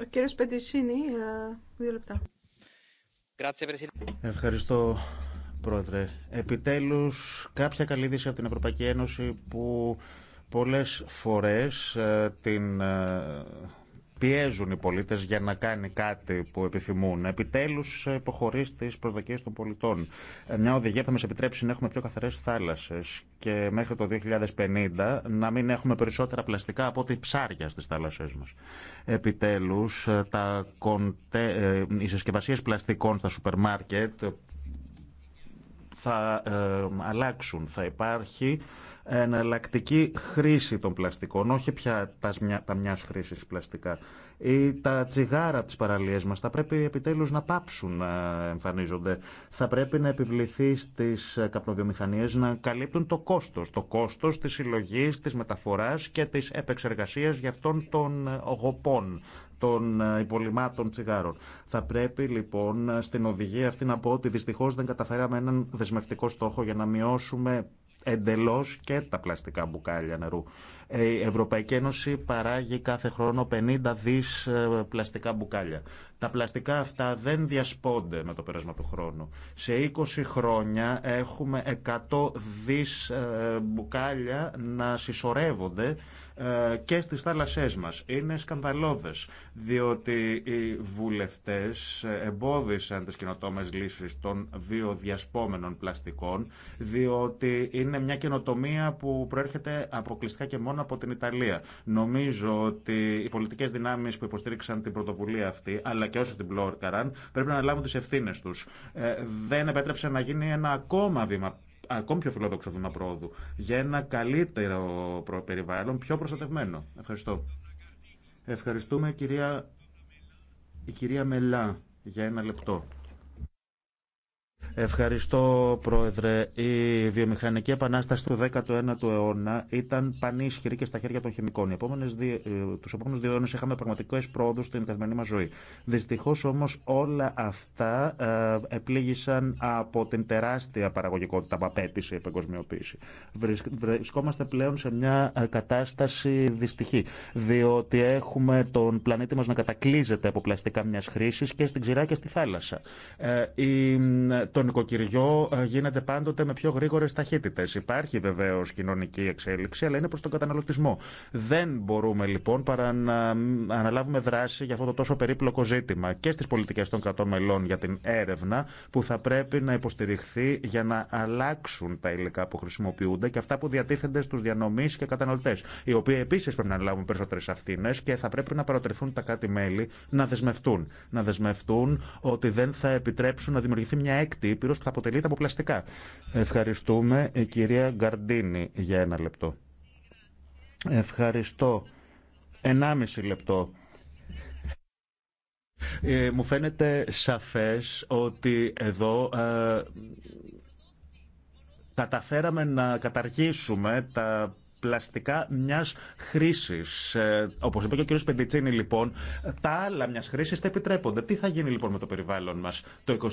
Ο Πεντησίνη, ε, δύο λεπτά. Ευχαριστώ Πρόεδρε. Επιτέλους, κάποια καλή δύση από την Ευρωπαϊκή Ένωση που πολλές φορές ε, την ε, πιέζουν οι πολίτες για να κάνει κάτι που επιθυμούν. Επιτέλους, υποχωρεί στις προσδοκίες των πολιτών. Ε, μια οδηγία θα μας επιτρέψει να έχουμε πιο καθαρές θάλασσες και μέχρι το 2050 να μην έχουμε περισσότερα πλαστικά από ό,τι ψάρια στις θάλασσές μας. Επιτέλους, τα οι συσκευασίε πλαστικών στα σούπερ μάρκετ θα ε, αλλάξουν. Θα υπάρχει εναλλακτική χρήση των πλαστικών, όχι πια τα, τα μια χρήση πλαστικά. Ή τα τσιγάρα από τι παραλίε μα θα πρέπει επιτέλου να πάψουν να εμφανίζονται. Θα πρέπει να επιβληθεί στι ε, καπνοβιομηχανίε να καλύπτουν το κόστο. Το κόστο τη συλλογή, τη μεταφορά και τη επεξεργασία για αυτών των ε, γοπών των ε, υπολοιμάτων τσιγάρων. Θα πρέπει λοιπόν στην οδηγία αυτή να πω ότι δυστυχώ δεν καταφέραμε έναν δεσμευτικό στόχο για να μειώσουμε εντελώς και τα πλαστικά μπουκάλια νερού. Ε, η Ευρωπαϊκή Ένωση παράγει κάθε χρόνο 50 δις ε, πλαστικά μπουκάλια. Τα πλαστικά αυτά δεν διασπώνται με το πέρασμα του χρόνου. Σε 20 χρόνια έχουμε 100 δις ε, μπουκάλια να συσσωρεύονται και στις θάλασσές μας. Είναι σκανδαλώδες, διότι οι βουλευτές εμπόδισαν τις καινοτόμες λύσεις των βιοδιασπόμενων πλαστικών, διότι είναι μια καινοτομία που προέρχεται αποκλειστικά και μόνο από την Ιταλία. Νομίζω ότι οι πολιτικέ δυνάμει που υποστήριξαν την πρωτοβουλία αυτή, αλλά και όσοι την πλόρκαραν, πρέπει να λάβουν τι ευθύνε του. Ε, δεν επέτρεψε να γίνει ένα ακόμα βήμα ακόμη πιο φιλόδοξο βήμα πρόοδου για ένα καλύτερο περιβάλλον, πιο προστατευμένο. Ευχαριστώ. Ευχαριστούμε κυρία, η κυρία Μελά για ένα λεπτό. Ευχαριστώ, Πρόεδρε. Η βιομηχανική επανάσταση του 19ου αιώνα ήταν πανίσχυρη και στα χέρια των χημικών. Ε, τους επόμενου δύο αιώνε είχαμε πραγματικέ πρόοδου στην καθημερινή μα ζωή. Δυστυχώ όμω όλα αυτά ε, επλήγησαν από την τεράστια παραγωγικότητα που απέτησε η παγκοσμιοποίηση. Βρισκόμαστε πλέον σε μια ε, κατάσταση δυστυχή, διότι έχουμε τον πλανήτη μα να κατακλείζεται από πλαστικά μια χρήση και στην ξηρά και στη θάλασσα. η, νοικοκυριό ε, γίνεται πάντοτε με πιο γρήγορε ταχύτητε. Υπάρχει βεβαίω κοινωνική εξέλιξη, αλλά είναι προ τον καταναλωτισμό. Δεν μπορούμε λοιπόν παρά να αναλάβουμε δράση για αυτό το τόσο περίπλοκο ζήτημα και στι πολιτικέ των κρατών μελών για την έρευνα που θα πρέπει να υποστηριχθεί για να αλλάξουν τα υλικά που χρησιμοποιούνται και αυτά που διατίθενται στου διανομή και καταναλωτέ, οι οποίοι επίση πρέπει να αναλάβουν περισσότερε αυθύνε και θα πρέπει να παροτρεθούν τα κάτι μέλη να δεσμευτούν. Να δεσμευτούν ότι δεν θα επιτρέψουν να δημιουργηθεί μια έκτη Ήπειρος που θα αποτελείται από πλαστικά. Ευχαριστούμε η κυρία Γκαρντίνη για ένα λεπτό. Ευχαριστώ. Ενάμιση λεπτό. Ε, μου φαίνεται σαφές ότι εδώ ε, καταφέραμε να καταργήσουμε τα πλαστικά μια χρήση. Ε, Όπω είπε και ο κ. Πεντητσίνη, λοιπόν, τα άλλα μια χρήση θα επιτρέπονται. Τι θα γίνει λοιπόν με το περιβάλλον μα. Το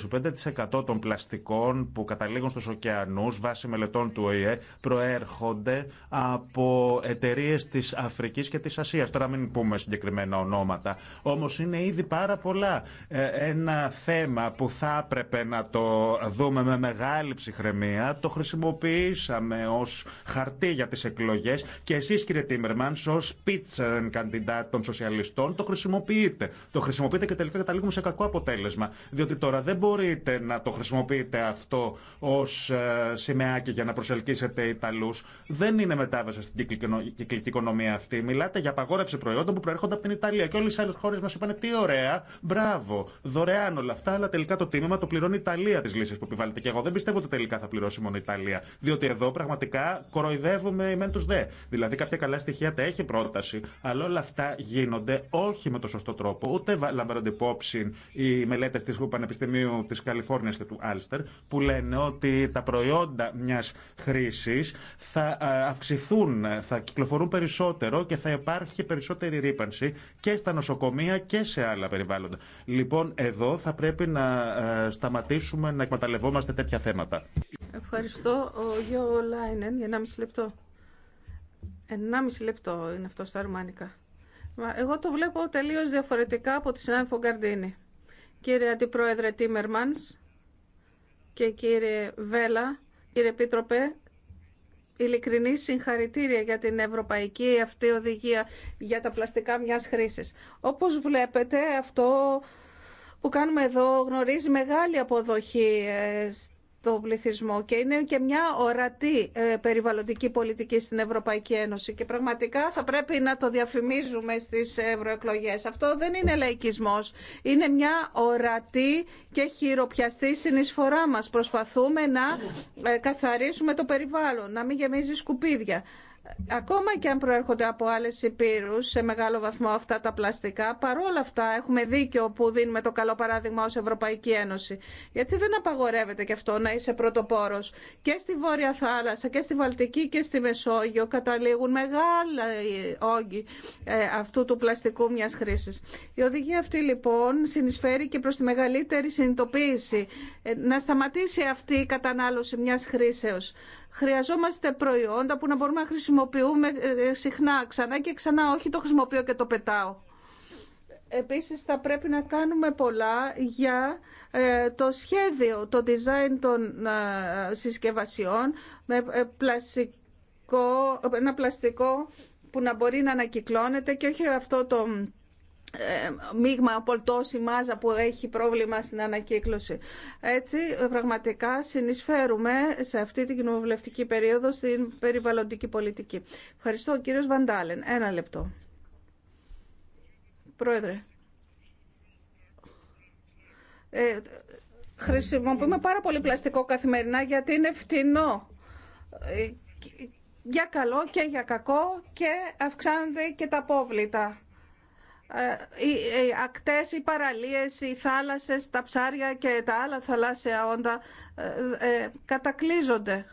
25% των πλαστικών που καταλήγουν στου ωκεανού, βάσει μελετών του ΟΗΕ, προέρχονται από εταιρείε τη Αφρική και τη Ασία. Τώρα μην πούμε συγκεκριμένα ονόματα. Όμω είναι ήδη πάρα πολλά. Ε, ένα θέμα που θα έπρεπε να το δούμε με μεγάλη ψυχραιμία, το χρησιμοποιήσαμε ω χαρτί για τι εκλογέ εκλογέ και εσεί, κύριε Τίμερμαν, ω πίτσαν καντιντά των σοσιαλιστών, το χρησιμοποιείτε. Το χρησιμοποιείτε και τελικά καταλήγουμε σε κακό αποτέλεσμα. Διότι τώρα δεν μπορείτε να το χρησιμοποιείτε αυτό ω ε, σημαίακι για να προσελκύσετε Ιταλού. Δεν είναι μετάβαση στην κυκλική οικονομία αυτή. Μιλάτε για απαγόρευση προϊόντων που προέρχονται από την Ιταλία. Και όλε οι άλλε χώρε μα είπαν τι ωραία, μπράβο, δωρεάν όλα αυτά, αλλά τελικά το τίμημα το πληρώνει η Ιταλία τη λύση που επιβάλλεται. Και εγώ δεν πιστεύω ότι τελικά θα πληρώσει μόνο η Ιταλία. Διότι εδώ πραγματικά κοροϊδεύουμε με του ναι. Δηλαδή κάποια καλά στοιχεία τα έχει πρόταση, αλλά όλα αυτά γίνονται όχι με το σωστό τρόπο, ούτε λαμβάνονται υπόψη οι μελέτε τη Πανεπιστημίου τη Καλιφόρνια και του Άλστερ, που λένε ότι τα προϊόντα μια χρήση θα αυξηθούν, θα κυκλοφορούν περισσότερο και θα υπάρχει περισσότερη ρήπανση και στα νοσοκομεία και σε άλλα περιβάλλοντα. Λοιπόν, εδώ θα πρέπει να ε, σταματήσουμε να εκμεταλλευόμαστε τέτοια θέματα. Ευχαριστώ. Ο Γιώργο Λάινεν για μισή λεπτό. 1,5 λεπτό είναι αυτό στα Μα Εγώ το βλέπω τελείως διαφορετικά από τη συνάδελφο Γκαρντίνη. Κύριε Αντιπρόεδρε Τίμερμαν και κύριε Βέλα, κύριε Επίτροπε, ειλικρινή συγχαρητήρια για την ευρωπαϊκή αυτή οδηγία για τα πλαστικά μιας χρήσης. Όπως βλέπετε αυτό που κάνουμε εδώ γνωρίζει μεγάλη αποδοχή ε, το πληθυσμό και είναι και μια ορατή ε, περιβαλλοντική πολιτική στην Ευρωπαϊκή Ένωση και πραγματικά θα πρέπει να το διαφημίζουμε στις ευρωεκλογέ. Αυτό δεν είναι λαϊκισμός, είναι μια ορατή και χειροπιαστή συνεισφορά μας. Προσπαθούμε να ε, καθαρίσουμε το περιβάλλον, να μην γεμίζει σκουπίδια. Ακόμα και αν προέρχονται από άλλες υπήρους σε μεγάλο βαθμό αυτά τα πλαστικά, παρόλα αυτά έχουμε δίκιο που δίνουμε το καλό παράδειγμα ως Ευρωπαϊκή Ένωση. Γιατί δεν απαγορεύεται και αυτό να είσαι πρωτοπόρος. Και στη Βόρεια Θάλασσα και στη Βαλτική και στη Μεσόγειο καταλήγουν μεγάλα όγκοι ε, αυτού του πλαστικού μιας χρήσης. Η οδηγία αυτή λοιπόν συνεισφέρει και προς τη μεγαλύτερη συνειδητοποίηση. Ε, να σταματήσει αυτή η κατανάλωση μιας χρήσεως. Χρειαζόμαστε προϊόντα που να μπορούμε να χρησιμοποιούμε ε, ε, συχνά ξανά και ξανά, όχι το χρησιμοποιώ και το πετάω. Επίσης θα πρέπει να κάνουμε πολλά για ε, το σχέδιο, το design των συσκευασιών με πλαστικό, ένα πλαστικό που να μπορεί να ανακυκλώνεται και όχι αυτό το ε, μείγμα τόση μάζα που έχει πρόβλημα στην ανακύκλωση. Έτσι, πραγματικά συνεισφέρουμε σε αυτή την κοινοβουλευτική περίοδο στην περιβαλλοντική πολιτική. Ευχαριστώ, ο κύριος Βαντάλεν. Ένα λεπτό. Πρόεδρε. Ε, χρησιμοποιούμε πάρα πολύ πλαστικό καθημερινά γιατί είναι φτηνό ε, για καλό και για κακό και αυξάνονται και τα απόβλητα. Ε, οι ακτές, οι παραλίες, οι θάλασσες, τα ψάρια και τα άλλα θαλάσσια όντα ε, ε, κατακλείζονται.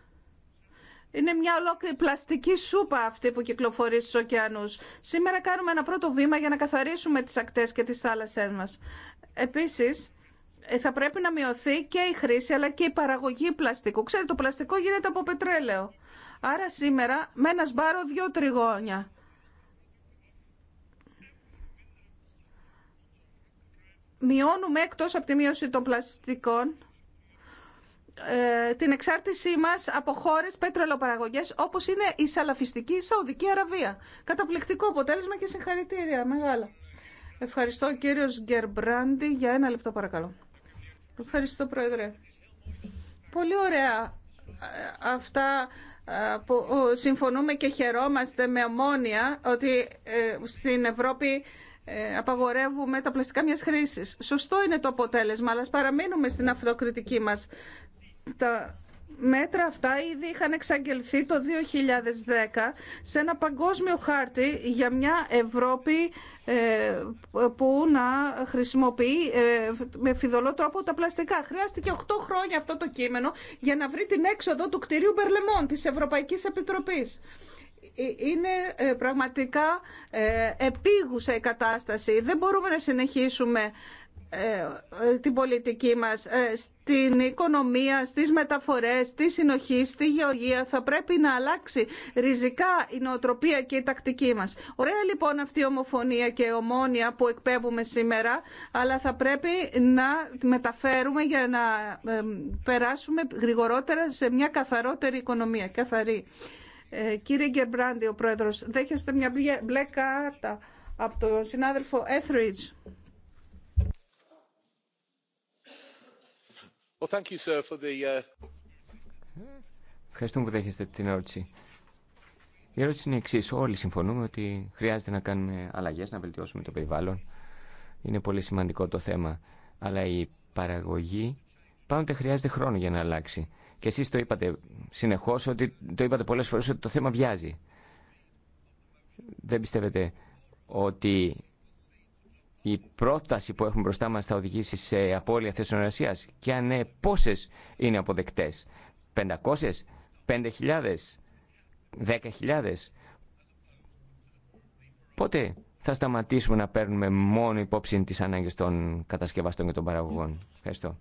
Είναι μια ολόκληρη πλαστική σούπα αυτή που κυκλοφορεί στους ωκεανούς. Σήμερα κάνουμε ένα πρώτο βήμα για να καθαρίσουμε τις ακτές και τις θάλασσές μας. Επίσης, θα πρέπει να μειωθεί και η χρήση αλλά και η παραγωγή πλαστικού. Ξέρετε, το πλαστικό γίνεται από πετρέλαιο. Άρα σήμερα με ένα σπάρο δύο τριγώνια μειώνουμε εκτός από τη μείωση των πλαστικών ε, την εξάρτησή μας από χώρες πετρελοπαραγωγές όπως είναι η Σαλαφιστική Σαουδική Αραβία. Καταπληκτικό αποτέλεσμα και συγχαρητήρια μεγάλα. Ευχαριστώ κύριος Γκερμπράντι για ένα λεπτό παρακαλώ. Ευχαριστώ Πρόεδρε. Πολύ ωραία ε, αυτά ε, που συμφωνούμε και χαιρόμαστε με ομόνια ότι στην Ευρώπη ε, απαγορεύουμε τα πλαστικά μιας χρήσης. Σωστό είναι το αποτέλεσμα, αλλά παραμείνουμε στην αυτοκριτική μας. Τα μέτρα αυτά ήδη είχαν εξαγγελθεί το 2010 σε ένα παγκόσμιο χάρτη για μια Ευρώπη ε, που να χρησιμοποιεί ε, με φιδωλό τρόπο τα πλαστικά. Χρειάστηκε 8 χρόνια αυτό το κείμενο για να βρει την έξοδο του κτηρίου Μπερλεμόν της Ευρωπαϊκής Επιτροπής είναι ε, πραγματικά ε, επίγουσα η κατάσταση. Δεν μπορούμε να συνεχίσουμε ε, την πολιτική μας, στην οικονομία, στις μεταφορές, στη συνοχή, στη γεωργία. Θα πρέπει να αλλάξει ριζικά η νοοτροπία και η τακτική μας. Ωραία λοιπόν αυτή η ομοφωνία και η ομόνια που εκπέμπουμε σήμερα, αλλά θα πρέπει να μεταφέρουμε για να περάσουμε γρηγορότερα σε μια καθαρότερη οικονομία, καθαρή. Ε, κύριε Γκερμπράντι, ο πρόεδρος, δέχεστε μια μπλε κάρτα από τον συνάδελφο Έθριτζ. Uh, Ευχαριστούμε που δέχεστε την ερώτηση. Η ερώτηση είναι εξή. Όλοι συμφωνούμε ότι χρειάζεται να κάνουμε αλλαγέ, να βελτιώσουμε το περιβάλλον. Είναι πολύ σημαντικό το θέμα. Αλλά η παραγωγή πάντα χρειάζεται χρόνο για να αλλάξει. Και εσείς το είπατε συνεχώς, ότι, το είπατε πολλές φορές ότι το θέμα βιάζει. Δεν πιστεύετε ότι η πρόταση που έχουμε μπροστά μας θα οδηγήσει σε απώλεια θέσεων εργασία. Και αν ναι, πόσες είναι αποδεκτές. 500, 5.000, 10.000. Πότε θα σταματήσουμε να παίρνουμε μόνο υπόψη τις ανάγκες των κατασκευαστών και των παραγωγών. Ευχαριστώ.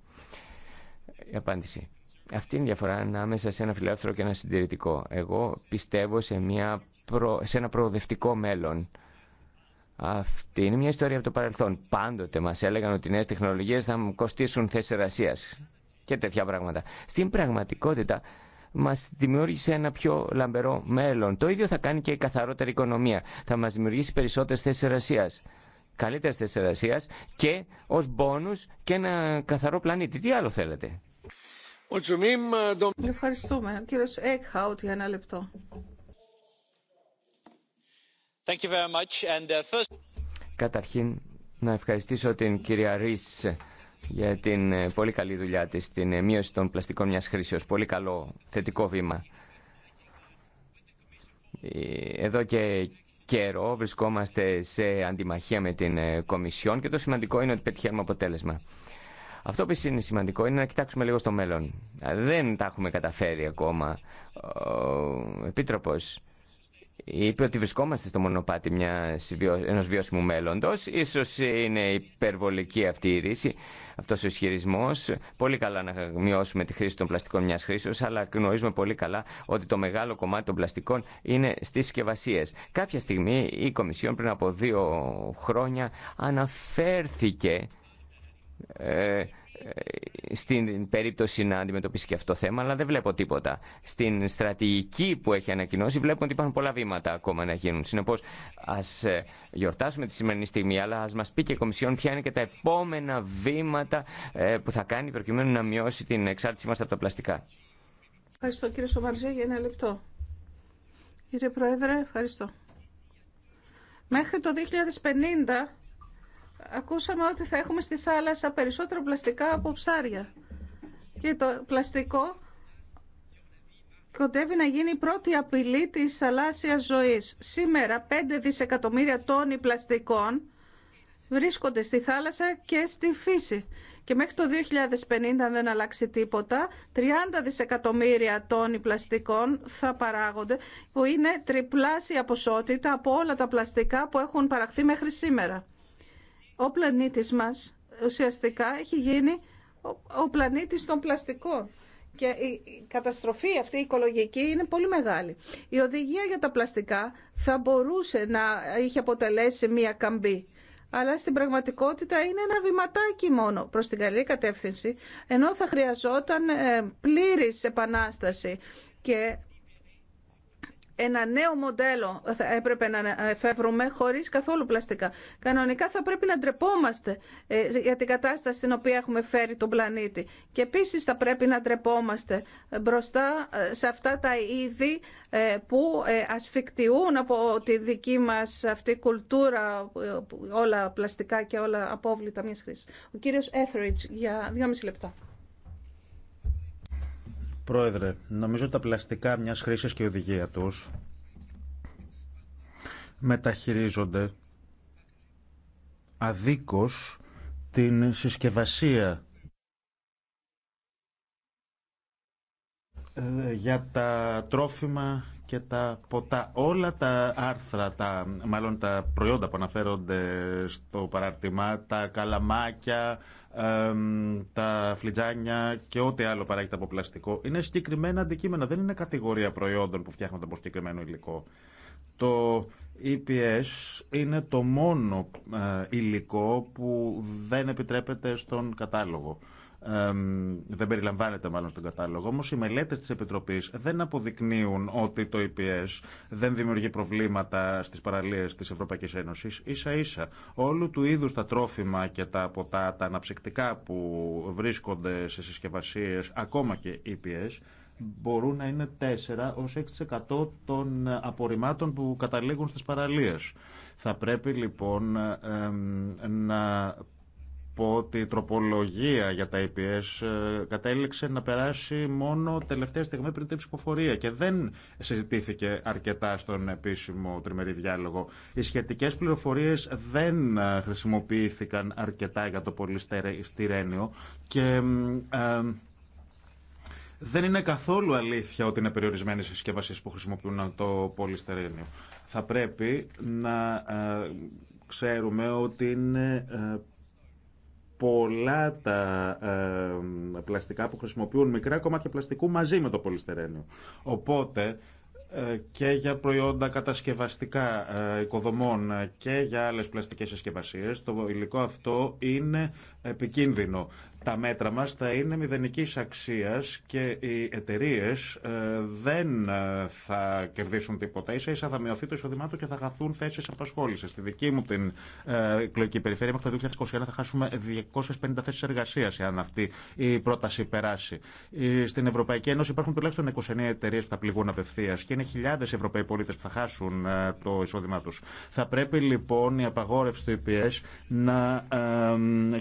Η απάντηση. Αυτή είναι η διαφορά ανάμεσα σε ένα φιλελεύθερο και ένα συντηρητικό. Εγώ πιστεύω σε, μια προ... σε ένα προοδευτικό μέλλον. Αυτή είναι μια ιστορία από το παρελθόν. Πάντοτε μα έλεγαν ότι οι νέε τεχνολογίε θα κοστίσουν θέσει εργασία και τέτοια πράγματα. Στην πραγματικότητα μα δημιούργησε ένα πιο λαμπερό μέλλον. Το ίδιο θα κάνει και η καθαρότερη οικονομία. Θα μα δημιουργήσει περισσότερε θέσει εργασία. καλύτερε θέσει εργασία και ω μπόνου και ένα καθαρό πλανήτη. Τι άλλο θέλετε. Ευχαριστούμε. Κύριο Έκχαουτ για ένα λεπτό. Uh, Καταρχήν να ευχαριστήσω την κυρία Ρίς για την ε, πολύ καλή δουλειά της στην ε, μείωση των πλαστικών μιας χρήσεως. Πολύ καλό θετικό βήμα. Ε, εδώ και καιρό βρισκόμαστε σε αντιμαχία με την Κομισιόν και το σημαντικό είναι ότι πετυχαίνουμε αποτέλεσμα. Αυτό που είναι σημαντικό είναι να κοιτάξουμε λίγο στο μέλλον. Δεν τα έχουμε καταφέρει ακόμα. Ο Επίτροπος είπε ότι βρισκόμαστε στο μονοπάτι ενό βιώσιμου μέλλοντος. Ίσως είναι υπερβολική αυτή η ρίση, αυτός ο ισχυρισμό. Πολύ καλά να μειώσουμε τη χρήση των πλαστικών μιας χρήσης, αλλά γνωρίζουμε πολύ καλά ότι το μεγάλο κομμάτι των πλαστικών είναι στις συσκευασίε. Κάποια στιγμή η Κομισιόν πριν από δύο χρόνια αναφέρθηκε ε, ε, στην περίπτωση να αντιμετωπίσει και αυτό το θέμα, αλλά δεν βλέπω τίποτα. Στην στρατηγική που έχει ανακοινώσει βλέπουμε ότι υπάρχουν πολλά βήματα ακόμα να γίνουν. Συνεπώ, α ε, γιορτάσουμε τη σημερινή στιγμή, αλλά α μα πει και η Κομισιόν ποια είναι και τα επόμενα βήματα που θα κάνει προκειμένου να μειώσει την εξάρτησή μα από τα πλαστικά. Ευχαριστώ κύριε Σοβαρζέ για ένα λεπτό. Κύριε Πρόεδρε, ευχαριστώ. Μέχρι το 2050 Ακούσαμε ότι θα έχουμε στη θάλασσα περισσότερα πλαστικά από ψάρια. Και το πλαστικό κοντεύει να γίνει η πρώτη απειλή της θαλάσσιας ζωής. Σήμερα 5 δισεκατομμύρια τόνοι πλαστικών βρίσκονται στη θάλασσα και στη φύση. Και μέχρι το 2050, αν δεν αλλάξει τίποτα, 30 δισεκατομμύρια τόνοι πλαστικών θα παράγονται, που είναι τριπλάσια ποσότητα από όλα τα πλαστικά που έχουν παραχθεί μέχρι σήμερα. Ο πλανήτης μας ουσιαστικά έχει γίνει ο πλανήτης των πλαστικών. Και η καταστροφή αυτή η οικολογική είναι πολύ μεγάλη. Η οδηγία για τα πλαστικά θα μπορούσε να είχε αποτελέσει μία καμπή. Αλλά στην πραγματικότητα είναι ένα βηματάκι μόνο προς την καλή κατεύθυνση, ενώ θα χρειαζόταν ε, πλήρης επανάσταση ένα νέο μοντέλο θα έπρεπε να εφεύρουμε χωρίς καθόλου πλαστικά. Κανονικά θα πρέπει να ντρεπόμαστε ε, για την κατάσταση στην οποία έχουμε φέρει τον πλανήτη. Και επίσης θα πρέπει να ντρεπόμαστε μπροστά ε, σε αυτά τα είδη ε, που ασφικτιούν από τη δική μας αυτή κουλτούρα όλα πλαστικά και όλα απόβλητα μιας χρήσης. Ο κύριος Έθριτς για δυόμιση λεπτά. Πρόεδρε, νομίζω τα πλαστικά μιας χρήσης και οδηγία τους μεταχειρίζονται αδίκως την συσκευασία ε, για τα τρόφιμα και τα ποτά. Όλα τα άρθρα, τα, μάλλον τα προϊόντα που αναφέρονται στο παράρτημα, τα καλαμάκια, τα φλιτζάνια και ό,τι άλλο παράγεται από πλαστικό, είναι συγκεκριμένα αντικείμενα. Δεν είναι κατηγορία προϊόντων που φτιάχνονται από συγκεκριμένο υλικό. Το EPS είναι το μόνο ε, υλικό που δεν επιτρέπεται στον κατάλογο δεν περιλαμβάνεται μάλλον στον κατάλογο. Όμω οι μελέτε τη Επιτροπή δεν αποδεικνύουν ότι το EPS δεν δημιουργεί προβλήματα στι παραλίε τη Ευρωπαϊκή Ένωση. σα ίσα. Όλου του είδου τα τρόφιμα και τα ποτά, τα αναψυκτικά που βρίσκονται σε συσκευασίε, ακόμα και EPS, μπορούν να είναι 4 ως 6% των απορριμμάτων που καταλήγουν στις παραλίες. Θα πρέπει λοιπόν να πω ότι η τροπολογία για τα EPS ε, κατέληξε να περάσει μόνο τελευταία στιγμή πριν την ψηφοφορία και δεν συζητήθηκε αρκετά στον επίσημο τριμερή διάλογο. Οι σχετικές πληροφορίες δεν ε, χρησιμοποιήθηκαν αρκετά για το πολυστερένιο και ε, δεν είναι καθόλου αλήθεια ότι είναι περιορισμένε οι συσκευασίε που χρησιμοποιούν το πολυστερένιο. Θα πρέπει να ξέρουμε ότι είναι πολλά τα ε, πλαστικά που χρησιμοποιούν μικρά κομμάτια πλαστικού μαζί με το πολυστερένιο. Οπότε ε, και για προϊόντα κατασκευαστικά ε, οικοδομών και για άλλες πλαστικές συσκευασίες το υλικό αυτό είναι επικίνδυνο τα μέτρα μας θα είναι μηδενικής αξίας και οι εταιρείε ε, δεν ε, θα κερδίσουν τίποτα. Ίσα ίσα θα μειωθεί το εισόδημά του και θα χαθούν θέσεις απασχόλησης. Στη δική μου την ε, εκλογική περιφέρεια μέχρι το 2021 θα χάσουμε 250 θέσεις εργασίας εάν αυτή η πρόταση περάσει. Στην Ευρωπαϊκή Ένωση υπάρχουν τουλάχιστον 29 εταιρείε που θα πληγούν απευθεία και είναι χιλιάδε Ευρωπαίοι πολίτε που θα χάσουν το εισόδημά του. Θα πρέπει λοιπόν η απαγόρευση του EPS να,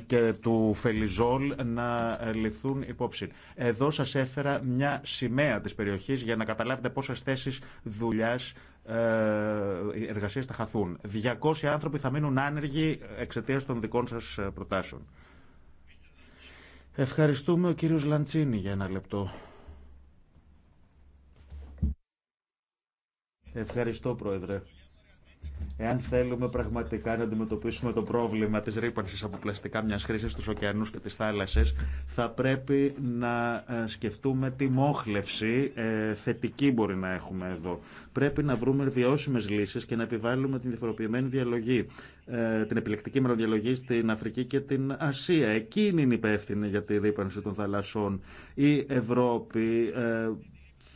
και του Φελιζόλ να ε, λυθούν υπόψη. Εδώ σας έφερα μια σημαία της περιοχής για να καταλάβετε πόσε θέσει δουλειά ε, οι εργασίες θα χαθούν. 200 άνθρωποι θα μείνουν άνεργοι εξαιτία των δικών σας ε, προτάσεων. Ευχαριστούμε ο κύριος Λαντσίνη για ένα λεπτό. Ευχαριστώ, Πρόεδρε. Εάν θέλουμε πραγματικά να αντιμετωπίσουμε το πρόβλημα της ρήπανση από πλαστικά μιας χρήσης στους ωκεανούς και τις θάλασσες, θα πρέπει να ε, σκεφτούμε τι μόχλευση ε, θετική μπορεί να έχουμε εδώ. Πρέπει να βρούμε βιώσιμες λύσεις και να επιβάλλουμε την διαφοροποιημένη διαλογή, ε, την επιλεκτική μεροδιαλογή στην Αφρική και την Ασία. Εκείνη είναι υπεύθυνη για τη ρήπανση των θαλασσών. Η Ευρώπη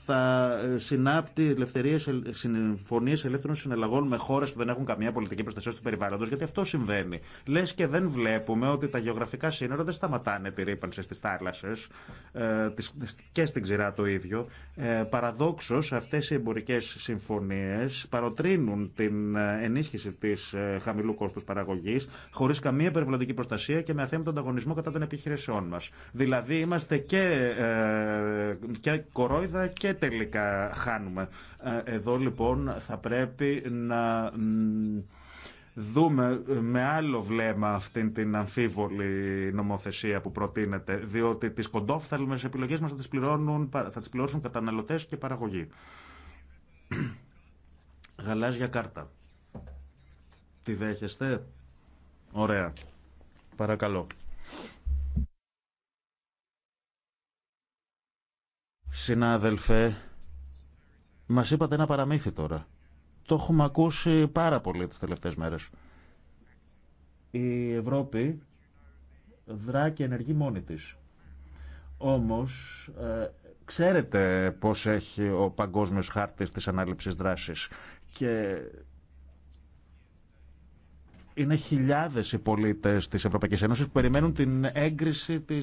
θα συνάπτει ελευθερίες, συμφωνίες ελεύθερων συναλλαγών με χώρες που δεν έχουν καμία πολιτική προστασία του περιβάλλοντος, γιατί αυτό συμβαίνει. Λες και δεν βλέπουμε ότι τα γεωγραφικά σύνορα δεν σταματάνε τη ρήπανση στις θάλασσες ε, και στην ξηρά το ίδιο. Ε, παραδόξως, αυτές οι εμπορικές συμφωνίες παροτρύνουν την ε, ενίσχυση της ε, χαμηλού κόστους παραγωγής, χωρίς καμία περιβαλλοντική προστασία και με αθέμητο ανταγωνισμό κατά των επιχειρήσεών μας. Δηλαδή, είμαστε και, και κορόιδα και τελικά χάνουμε. Ε, εδώ λοιπόν θα πρέπει να δούμε με άλλο βλέμμα αυτήν την αμφίβολη νομοθεσία που προτείνεται, διότι τις κοντόφθαλμες επιλογές μας θα τις, πληρώνουν, θα τις πληρώσουν καταναλωτές και παραγωγή. Γαλάζια κάρτα. Τη δέχεστε? Ωραία. Παρακαλώ. Συνάδελφε, μας είπατε ένα παραμύθι τώρα. Το έχουμε ακούσει πάρα πολύ τις τελευταίες μέρες. Η Ευρώπη δρά και ενεργεί μόνη της. Όμως, ε, ξέρετε πώς έχει ο παγκόσμιος χάρτης της ανάληψης δράσης. Και είναι χιλιάδε οι πολίτε τη Ευρωπαϊκή Ένωση που περιμένουν την έγκριση τη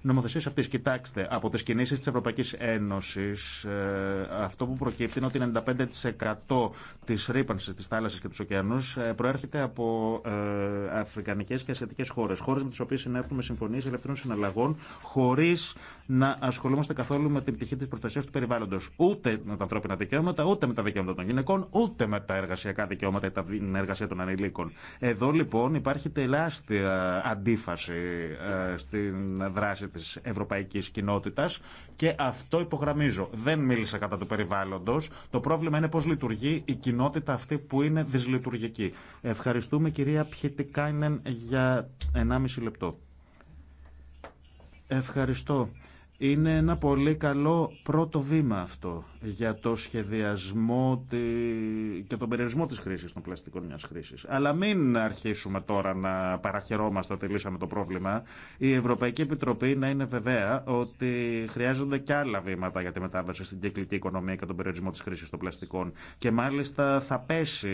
νομοθεσία αυτή. Κοιτάξτε, από τι κινήσει τη Ευρωπαϊκή Ένωση, ε, αυτό που προκύπτει είναι ότι 95% τη ρήπανση τη θάλασσα και του ωκεανού ε, προέρχεται από ε, αφρικανικές αφρικανικέ και ασιατικέ χώρε. Χώρε με τι οποίε συνάπτουμε συμφωνίε ελευθερών συναλλαγών χωρί να ασχολούμαστε καθόλου με την πτυχή τη προστασία του περιβάλλοντο. Ούτε με τα ανθρώπινα δικαιώματα, ούτε με τα δικαιώματα των γυναικών, ούτε με τα εργασιακά δικαιώματα ή την εργασία των ανηλίκων. Εδώ λοιπόν υπάρχει τεράστια αντίφαση ε, στην δράση τη ευρωπαϊκή κοινότητα και αυτό υπογραμμίζω. Δεν μίλησα κατά του περιβάλλοντο. Το πρόβλημα είναι πώ λειτουργεί η τα εργασια των ανηλικων εδω λοιπον υπαρχει τεραστια αντιφαση στην δραση τη ευρωπαικη κοινοτητα και αυτή που είναι δυσλειτουργική. Ευχαριστούμε κυρία Πιετικάινεν για 1,5 λεπτό. Ευχαριστώ. Είναι ένα πολύ καλό πρώτο βήμα αυτό για το σχεδιασμό τη... και τον περιορισμό της χρήσης των πλαστικών μιας χρήσης. Αλλά μην αρχίσουμε τώρα να παραχαιρόμαστε ότι λύσαμε το πρόβλημα. Η Ευρωπαϊκή Επιτροπή να είναι βεβαία ότι χρειάζονται και άλλα βήματα για τη μετάβαση στην κυκλική οικονομία και τον περιορισμό της χρήσης των πλαστικών. Και μάλιστα θα πέσει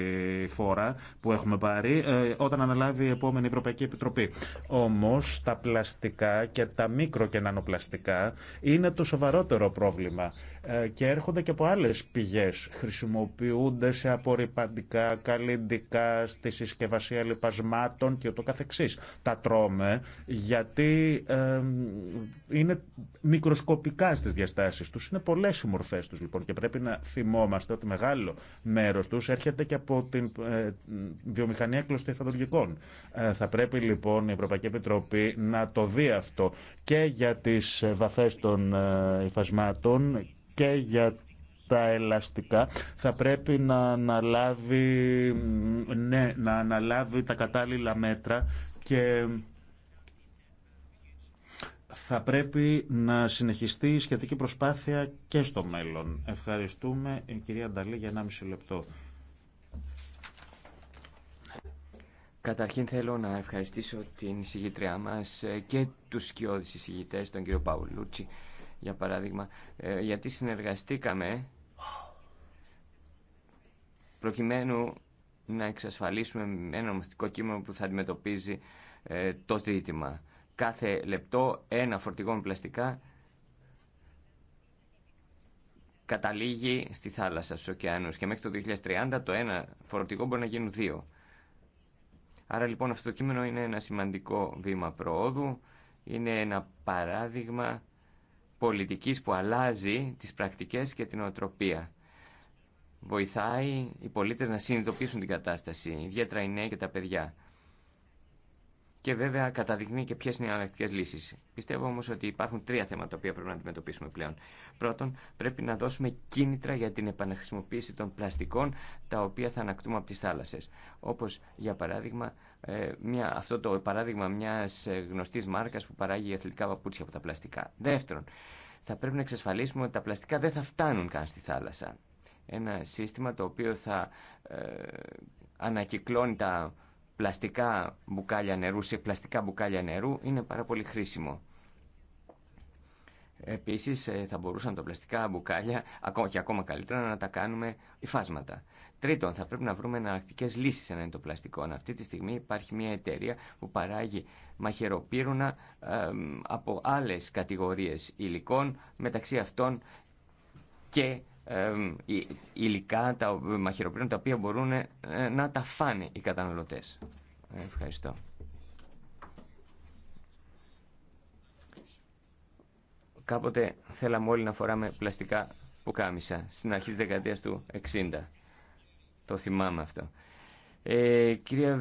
η φόρα που έχουμε πάρει ε, όταν αναλάβει η επόμενη Ευρωπαϊκή Επιτροπή. Όμως τα πλαστικά και τα μικρο και νανοπλαστικά είναι το σοβαρότερο πρόβλημα. Ε, και έρχονται και από άλλες πηγές. Χρησιμοποιούνται σε απορριπαντικά, καλλιντικά, στη συσκευασία λιπασμάτων και ούτω καθεξής. Τα τρώμε γιατί είναι μικροσκοπικά στις διαστάσεις τους. Είναι πολλές οι μορφές τους λοιπόν και πρέπει να θυμόμαστε ότι μεγάλο μέρος τους έρχεται και από την ε, βιομηχανία κλωστή Ε, θα πρέπει λοιπόν η Ευρωπαϊκή Επιτροπή να το δει αυτό και για τις ε, βαφές των υφασμάτων και για τα ελαστικά θα πρέπει να αναλάβει, ναι, να αναλάβει τα κατάλληλα μέτρα και θα πρέπει να συνεχιστεί η σχετική προσπάθεια και στο μέλλον. Ευχαριστούμε η ε, κυρία Νταλή για ένα μισή λεπτό. Καταρχήν θέλω να ευχαριστήσω την συγγήτριά μας ε, και τους σκιώδεις συγγητές, τον κύριο Παουλούτσι, για παράδειγμα, ε, γιατί συνεργαστήκαμε προκειμένου να εξασφαλίσουμε ένα νομοθετικό κείμενο που θα αντιμετωπίζει ε, το ζήτημα. Κάθε λεπτό ένα φορτηγό με πλαστικά καταλήγει στη θάλασσα, στους ωκεανούς και μέχρι το 2030 το ένα φορτηγό μπορεί να γίνουν δύο. Άρα λοιπόν αυτό το κείμενο είναι ένα σημαντικό βήμα προόδου, είναι ένα παράδειγμα πολιτικής που αλλάζει τις πρακτικές και την οτροπία. Βοηθάει οι πολίτες να συνειδητοποιήσουν την κατάσταση, ιδιαίτερα οι νέοι και τα παιδιά και βέβαια καταδεικνύει και ποιε είναι οι αναλλακτικέ λύσει. Πιστεύω όμω ότι υπάρχουν τρία θέματα τα οποία πρέπει να αντιμετωπίσουμε πλέον. Πρώτον, πρέπει να δώσουμε κίνητρα για την επαναχρησιμοποίηση των πλαστικών τα οποία θα ανακτούμε από τι θάλασσε. Όπω για παράδειγμα, ε, μια, αυτό το παράδειγμα μια ε, γνωστή μάρκα που παράγει αθλητικά παπούτσια από τα πλαστικά. Δεύτερον, θα πρέπει να εξασφαλίσουμε ότι τα πλαστικά δεν θα φτάνουν καν στη θάλασσα. Ένα σύστημα το οποίο θα ε, ανακυκλώνει τα πλαστικά μπουκάλια νερού σε πλαστικά μπουκάλια νερού είναι πάρα πολύ χρήσιμο. Επίσης ε, θα μπορούσαν τα πλαστικά μπουκάλια, ακόμα και ακόμα καλύτερα, να τα κάνουμε υφάσματα. Τρίτον, θα πρέπει να βρούμε εναλλακτικέ λύσει το το πλαστικό. Αυτή τη στιγμή υπάρχει μια εταιρεία που παράγει μαχαιροπύρουνα από άλλε κατηγορίε υλικών, μεταξύ αυτών και υλικά, τα μαχαιροπλήρων τα οποία μπορούν ε, να τα φάνε οι καταναλωτές. Ε, ευχαριστώ. Κάποτε θέλαμε όλοι να φοράμε πλαστικά πουκάμισα στην αρχή της δεκαετίας του 60. Το θυμάμαι αυτό. Ε, κυρία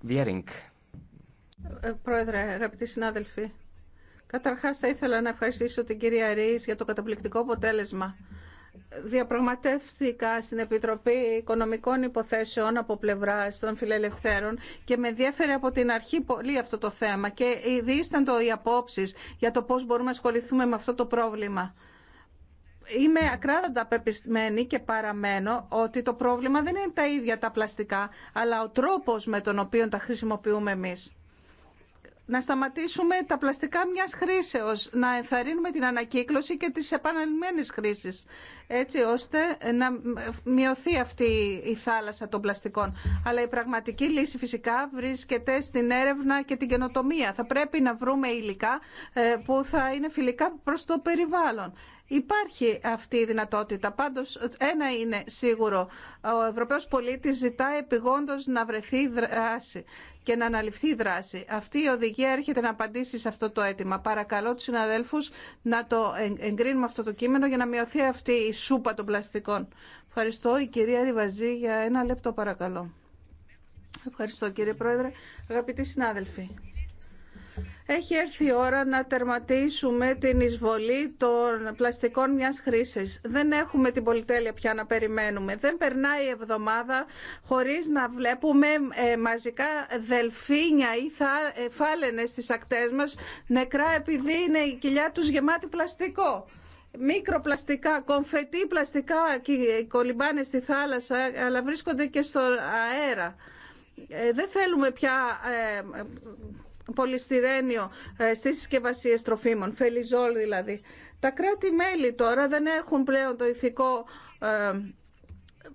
Βιέρινγκ. Ε, πρόεδρε, αγαπητοί συνάδελφοι, καταρχάς θα ήθελα να ευχαριστήσω την κυρία Ρής για το καταπληκτικό αποτέλεσμα Διαπραγματεύθηκα στην Επιτροπή Οικονομικών Υποθέσεων από πλευρά των Φιλελευθέρων και με ενδιαφέρει από την αρχή πολύ αυτό το θέμα και το οι απόψεις για το πώς μπορούμε να ασχοληθούμε με αυτό το πρόβλημα. Είμαι ακράδαντα πεπισμένη και παραμένω ότι το πρόβλημα δεν είναι τα ίδια τα πλαστικά, αλλά ο τρόπος με τον οποίο τα χρησιμοποιούμε εμείς να σταματήσουμε τα πλαστικά μιας χρήσεως, να ενθαρρύνουμε την ανακύκλωση και τις επαναλημμένες χρήσεις, έτσι ώστε να μειωθεί αυτή η θάλασσα των πλαστικών. Αλλά η πραγματική λύση φυσικά βρίσκεται στην έρευνα και την καινοτομία. Θα πρέπει να βρούμε υλικά ε, που θα είναι φιλικά προς το περιβάλλον. Υπάρχει αυτή η δυνατότητα. Πάντως ένα είναι σίγουρο. Ο Ευρωπαίος πολίτης ζητά επιγόντως να βρεθεί δράση και να αναλυφθεί η δράση. Αυτή η οδηγία έρχεται να απαντήσει σε αυτό το αίτημα. Παρακαλώ του συναδέλφου να το εγκρίνουμε αυτό το κείμενο για να μειωθεί αυτή η σούπα των πλαστικών. Ευχαριστώ. Η κυρία Ριβαζή για ένα λεπτό παρακαλώ. Ευχαριστώ κύριε Πρόεδρε. Αγαπητοί συνάδελφοι. Έχει έρθει η ώρα να τερματίσουμε την εισβολή των πλαστικών μιας χρήσης. Δεν έχουμε την πολυτέλεια πια να περιμένουμε. Δεν περνάει η εβδομάδα χωρίς να βλέπουμε ε, μαζικά δελφίνια ή ε, φάλαινες στις ακτές μας νεκρά επειδή είναι η κοιλιά τους γεμάτη πλαστικό μικροπλαστικά, κομφετή πλαστικά κολυμπάνε στη θάλασσα αλλά βρίσκονται και στον αέρα. Ε, δεν θέλουμε πια πολυστηρένιο ε, στι συσκευασίε τροφίμων, φελιζόλ δηλαδή. Τα κράτη-μέλη τώρα δεν έχουν πλέον το ηθικό ε,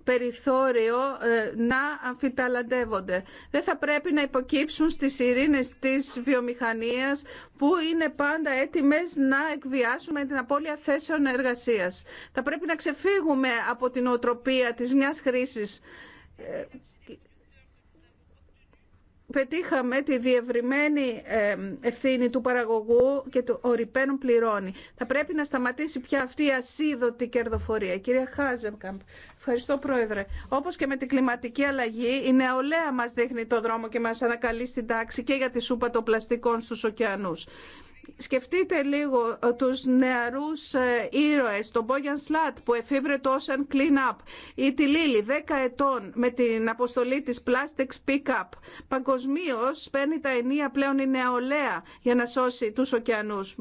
περιθώριο ε, να αμφιταλαντεύονται. Δεν θα πρέπει να υποκύψουν στις ειρήνες της βιομηχανίας που είναι πάντα έτοιμες να εκβιάσουν την απώλεια θέσεων εργασίας. Θα πρέπει να ξεφύγουμε από την οτροπία της μιας χρήσης πετύχαμε τη διευρυμένη ευθύνη του παραγωγού και του ορυπαίνων πληρώνει. Θα πρέπει να σταματήσει πια αυτή η ασίδωτη κερδοφορία. Κυρία Χάζεμκαμπ, ευχαριστώ Πρόεδρε. Όπως και με την κλιματική αλλαγή, η νεολαία μας δείχνει το δρόμο και μας ανακαλεί στην τάξη και για τη σούπα των πλαστικών στους ωκεανούς. Σκεφτείτε λίγο ε, τους νεαρούς ε, ήρωες, τον Μπόγιαν Σλάτ που εφήβρε το Ocean Clean Up ή τη Λίλη 10 ετών με την αποστολή της Plastics Pickup. Παγκοσμίω παίρνει τα ενία πλέον η νεολαία για να σώσει τους ωκεανούς.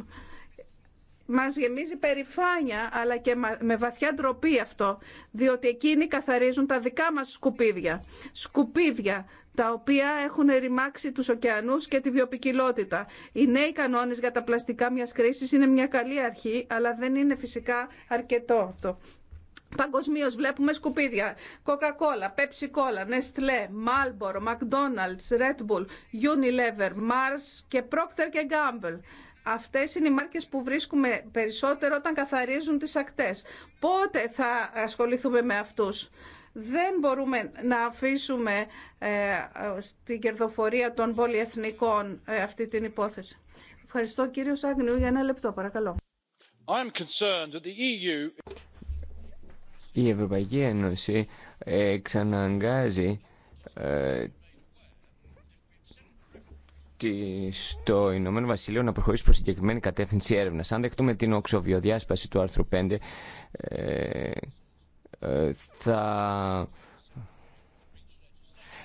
Μας γεμίζει περηφάνεια αλλά και με βαθιά ντροπή αυτό, διότι εκείνοι καθαρίζουν τα δικά μας σκουπίδια. Σκουπίδια τα οποία έχουν ρημάξει τους ωκεανούς και τη βιοπικιλότητα. Οι νέοι κανόνες για τα πλαστικά μιας κρίσης είναι μια καλή αρχή, αλλά δεν είναι φυσικά αρκετό αυτό. Παγκοσμίω βλέπουμε σκουπίδια. Coca-Cola, Pepsi-Cola, Nestlé, Marlboro, McDonald's, Red Bull, Unilever, Mars και Procter Gamble. Αυτές είναι οι μάρκες που βρίσκουμε περισσότερο όταν καθαρίζουν τις ακτές. Πότε θα ασχοληθούμε με αυτούς. Δεν μπορούμε να αφήσουμε ε, στην κερδοφορία των πολυεθνικών ε, αυτή την υπόθεση. Ευχαριστώ κύριο Σάγνιου για ένα λεπτό παρακαλώ. E Η Ευρωπαϊκή Ένωση εξαναγκάζει ε, ε στο Ηνωμένο Βασίλειο να προχωρήσει προ συγκεκριμένη κατεύθυνση έρευνα. Αν δεχτούμε την οξοβιοδιάσπαση του άρθρου 5, ε, θα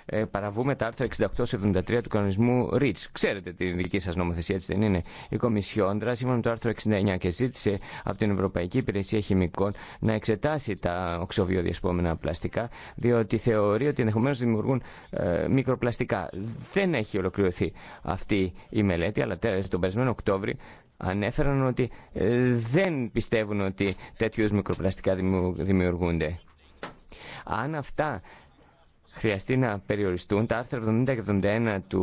ε, παραβούμε τα άρθρα 68-73 του κανονισμού REACH. Ξέρετε την δική σας νομοθεσία, έτσι δεν είναι. Η Κομισιόντρα, σύμφωνα με το άρθρο 69 και ζήτησε από την Ευρωπαϊκή Υπηρεσία Χημικών να εξετάσει τα οξοβιοδιασπόμενα πλαστικά, διότι θεωρεί ότι ενδεχομένω δημιουργούν ε, μικροπλαστικά. Δεν έχει ολοκληρωθεί αυτή η μελέτη, αλλά τον περασμένο Οκτώβρη ανέφεραν ότι ε, δεν πιστεύουν ότι τέτοιου μικροπλαστικά δημιουργούνται. Αν αυτά χρειαστεί να περιοριστούν. Τα άρθρα 70 και 71 του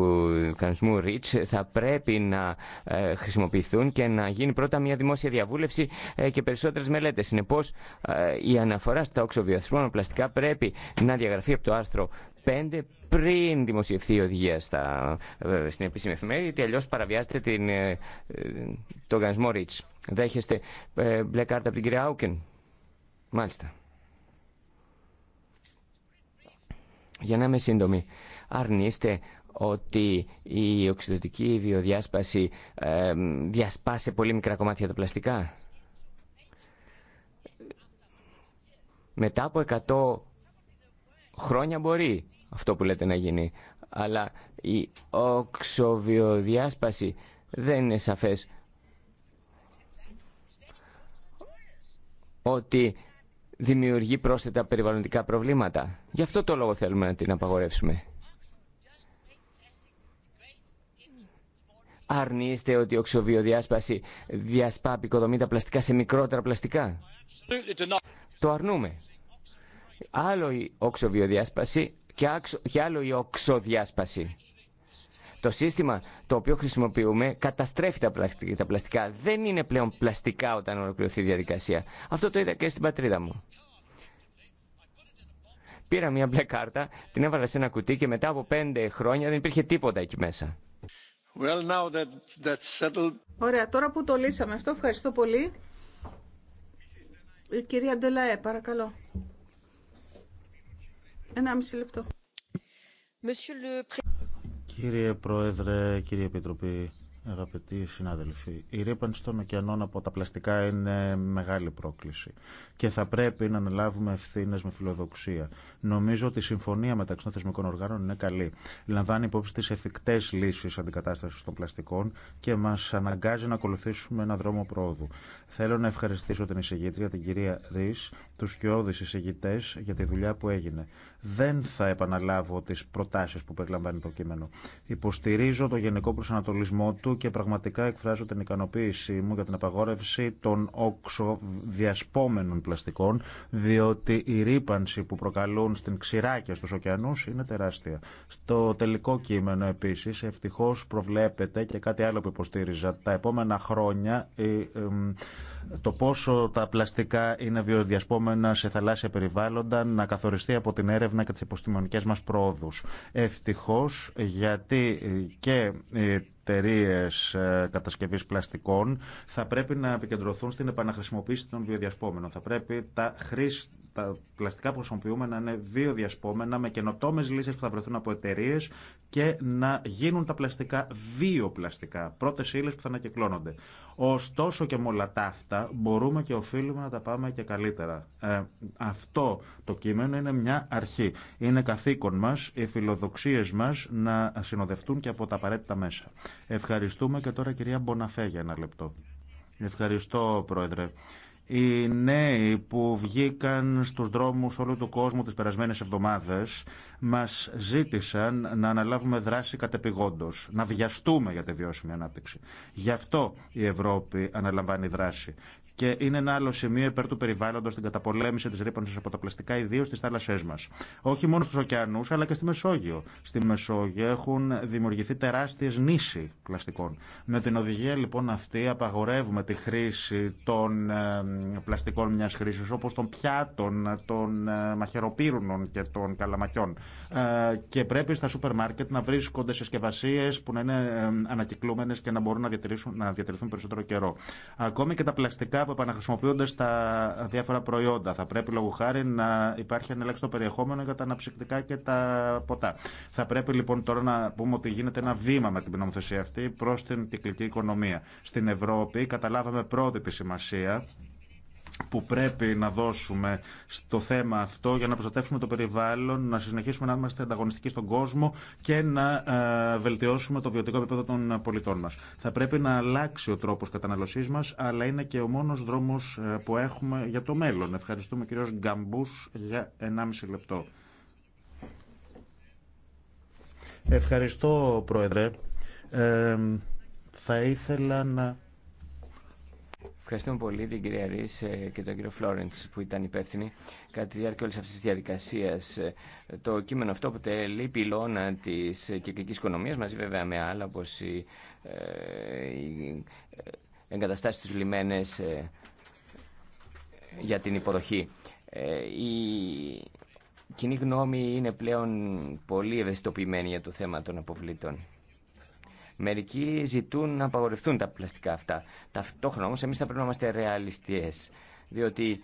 κανονισμού REACH θα πρέπει να ε, χρησιμοποιηθούν και να γίνει πρώτα μια δημόσια διαβούλευση ε, και περισσότερες μελέτες. Συνεπώ ε, η αναφορά στα οξοβιοθυσμόνα πλαστικά πρέπει να διαγραφεί από το άρθρο 5 πριν δημοσιευθεί η οδηγία στα, στην επίσημη εφημερίδα, γιατί αλλιώ παραβιάζεται την, τον οργανισμό REACH. Δέχεστε μπλε κάρτα από την κυρία Άουκεν. Μάλιστα. Για να είμαι σύντομη, αρνείστε ότι η οξυδοτική βιοδιάσπαση ε, πολύ μικρά κομμάτια τα πλαστικά. Μετά από 100 χρόνια μπορεί αυτό που λέτε να γίνει. Αλλά η οξοβιοδιάσπαση δεν είναι σαφές ότι δημιουργεί πρόσθετα περιβαλλοντικά προβλήματα. Γι' αυτό το λόγο θέλουμε να την απαγορεύσουμε. Αρνείστε ότι η οξοβιοδιάσπαση διασπάπει τα πλαστικά σε μικρότερα πλαστικά. Το αρνούμε. Άλλο η οξοβιοδιάσπαση και άλλο η οξοδιάσπαση. Το σύστημα το οποίο χρησιμοποιούμε καταστρέφει τα πλαστικά. Δεν είναι πλέον πλαστικά όταν ολοκληρωθεί η διαδικασία. Αυτό το είδα και στην πατρίδα μου. Πήρα μια μπλε κάρτα, την έβαλα σε ένα κουτί και μετά από πέντε χρόνια δεν υπήρχε τίποτα εκεί μέσα. Ωραία, τώρα που το λύσαμε αυτό, ευχαριστώ πολύ. Η κυρία Ντελαέ, παρακαλώ. Ένα μισή λεπτό. Κύριε Πρόεδρε, κύριε Επιτροπή, Αγαπητοί συνάδελφοι, η ρήπανση των ωκεανών από τα πλαστικά είναι μεγάλη πρόκληση και θα πρέπει να αναλάβουμε ευθύνε με φιλοδοξία. Νομίζω ότι η συμφωνία μεταξύ των θεσμικών οργάνων είναι καλή. Λαμβάνει υπόψη τι εφικτέ λύσει αντικατάσταση των πλαστικών και μα αναγκάζει να ακολουθήσουμε έναν δρόμο πρόοδου. Θέλω να ευχαριστήσω την εισηγήτρια, την κυρία Ρη, του σκιώδει εισηγητέ για τη δουλειά που έγινε. Δεν θα επαναλάβω τι προτάσει που περιλαμβάνει το κείμενο. Υποστηρίζω το γενικό προσανατολισμό του και πραγματικά εκφράζω την ικανοποίησή μου για την απαγόρευση των οξοδιασπόμενων πλαστικών, διότι η ρήπανση που προκαλούν στην ξηρά και στους ωκεανούς είναι τεράστια. Στο τελικό κείμενο επίσης ευτυχώς προβλέπεται και κάτι άλλο που υποστήριζα τα επόμενα χρόνια το πόσο τα πλαστικά είναι βιοδιασπόμενα σε θαλάσσια περιβάλλοντα να καθοριστεί από την έρευνα και τις επιστημονικές μας πρόοδους. Ευτυχώς γιατί και εταιρείε κατασκευή πλαστικών θα πρέπει να επικεντρωθούν στην επαναχρησιμοποίηση των βιοδιασπόμενων. Θα πρέπει τα, χρήση τα πλαστικά που χρησιμοποιούμε να είναι δύο διασπόμενα με καινοτόμε λύσει που θα βρεθούν από εταιρείε και να γίνουν τα πλαστικά δύο πλαστικά, πρώτε ύλε που θα ανακυκλώνονται. Ωστόσο και με όλα τα αυτά μπορούμε και οφείλουμε να τα πάμε και καλύτερα. Ε, αυτό το κείμενο είναι μια αρχή. Είναι καθήκον μα οι φιλοδοξίε μα να συνοδευτούν και από τα απαραίτητα μέσα. Ευχαριστούμε και τώρα κυρία Μποναφέ για ένα λεπτό. Ευχαριστώ, Πρόεδρε. Οι νέοι που βγήκαν στους δρόμους όλου του κόσμου τις περασμένες εβδομάδες μας ζήτησαν να αναλάβουμε δράση κατεπηγόντως, να βιαστούμε για τη βιώσιμη ανάπτυξη. Γι' αυτό η Ευρώπη αναλαμβάνει δράση και είναι ένα άλλο σημείο υπέρ του περιβάλλοντο στην καταπολέμηση τη ρήπανση από τα πλαστικά, ιδίω στι θάλασσέ μα. Όχι μόνο στου ωκεανού, αλλά και στη Μεσόγειο. Στη Μεσόγειο έχουν δημιουργηθεί τεράστιε νήσοι πλαστικών. Με την οδηγία λοιπόν αυτή απαγορεύουμε τη χρήση των ε, πλαστικών μια χρήση, όπω των πιάτων, των ε, μαχαιροπύρουνων και των καλαμακιών. Ε, και πρέπει στα σούπερ μάρκετ να βρίσκονται συσκευασίε που να είναι ανακυκλούμενε και να μπορούν να, να διατηρηθούν περισσότερο καιρό. Ακόμη και τα πλαστικά που επαναχρησιμοποιούνται στα διάφορα προϊόντα. Θα πρέπει λόγω χάρη να υπάρχει ένα περιεχόμενο για τα αναψυκτικά και τα ποτά. Θα πρέπει λοιπόν τώρα να πούμε ότι γίνεται ένα βήμα με την νομοθεσία αυτή προ την κυκλική οικονομία. Στην Ευρώπη καταλάβαμε πρώτη τη σημασία που πρέπει να δώσουμε στο θέμα αυτό για να προστατεύσουμε το περιβάλλον, να συνεχίσουμε να είμαστε ανταγωνιστικοί στον κόσμο και να ε, βελτιώσουμε το βιωτικό επίπεδο των πολιτών μα. Θα πρέπει να αλλάξει ο τρόπο καταναλωσή μα, αλλά είναι και ο μόνο δρόμο ε, που έχουμε για το μέλλον. Ευχαριστούμε κύριο Γκαμπού για 1,5 λεπτό. Ευχαριστώ, Πρόεδρε. Ε, θα ήθελα να Ευχαριστούμε πολύ την κυρία Ρή ε, και τον κύριο Φλόρεντ που ήταν υπεύθυνοι κατά τη διάρκεια όλη αυτή τη διαδικασία. Ε, το κείμενο αυτό αποτελεί πυλώνα τη ε, κυκλική οικονομία μαζί βέβαια με άλλα όπω οι, οι εγκαταστάσει του λιμένε για την υποδοχή. Η κοινή γνώμη είναι πλέον πολύ ευαισθητοποιημένη για το θέμα των αποβλήτων. Μερικοί ζητούν να απαγορευτούν τα πλαστικά αυτά. Ταυτόχρονα όμω, εμεί θα πρέπει να είμαστε ρεαλιστέ. διότι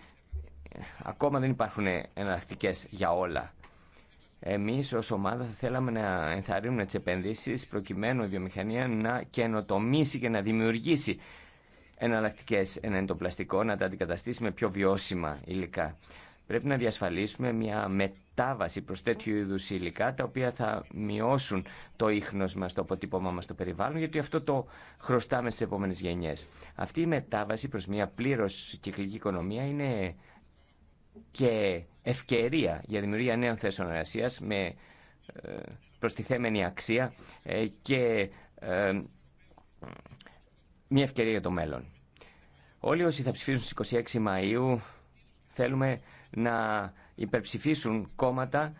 ε, ακόμα δεν υπάρχουν εναλλακτικέ για όλα. Εμείς ως ομάδα θα θέλαμε να ενθαρρύνουμε τι επενδύσει, προκειμένου η βιομηχανία να καινοτομήσει και να δημιουργήσει εναλλακτικέ πλαστικό να τα αντικαταστήσει με πιο βιώσιμα υλικά. Πρέπει να διασφαλίσουμε μια μετάβαση προς τέτοιου είδους υλικά τα οποία θα μειώσουν το ίχνος μας, το αποτύπωμά μας στο περιβάλλον γιατί αυτό το χρωστάμε στις επόμενες γενιές. Αυτή η μετάβαση προς μια πλήρως κυκλική οικονομία είναι και ευκαιρία για δημιουργία νέων θέσεων εργασία με ε, προστιθέμενη αξία ε, και ε, μια ευκαιρία για το μέλλον. Όλοι όσοι θα ψηφίσουν στις 26 Μαΐου θέλουμε να υπερψηφίσουν κόμματα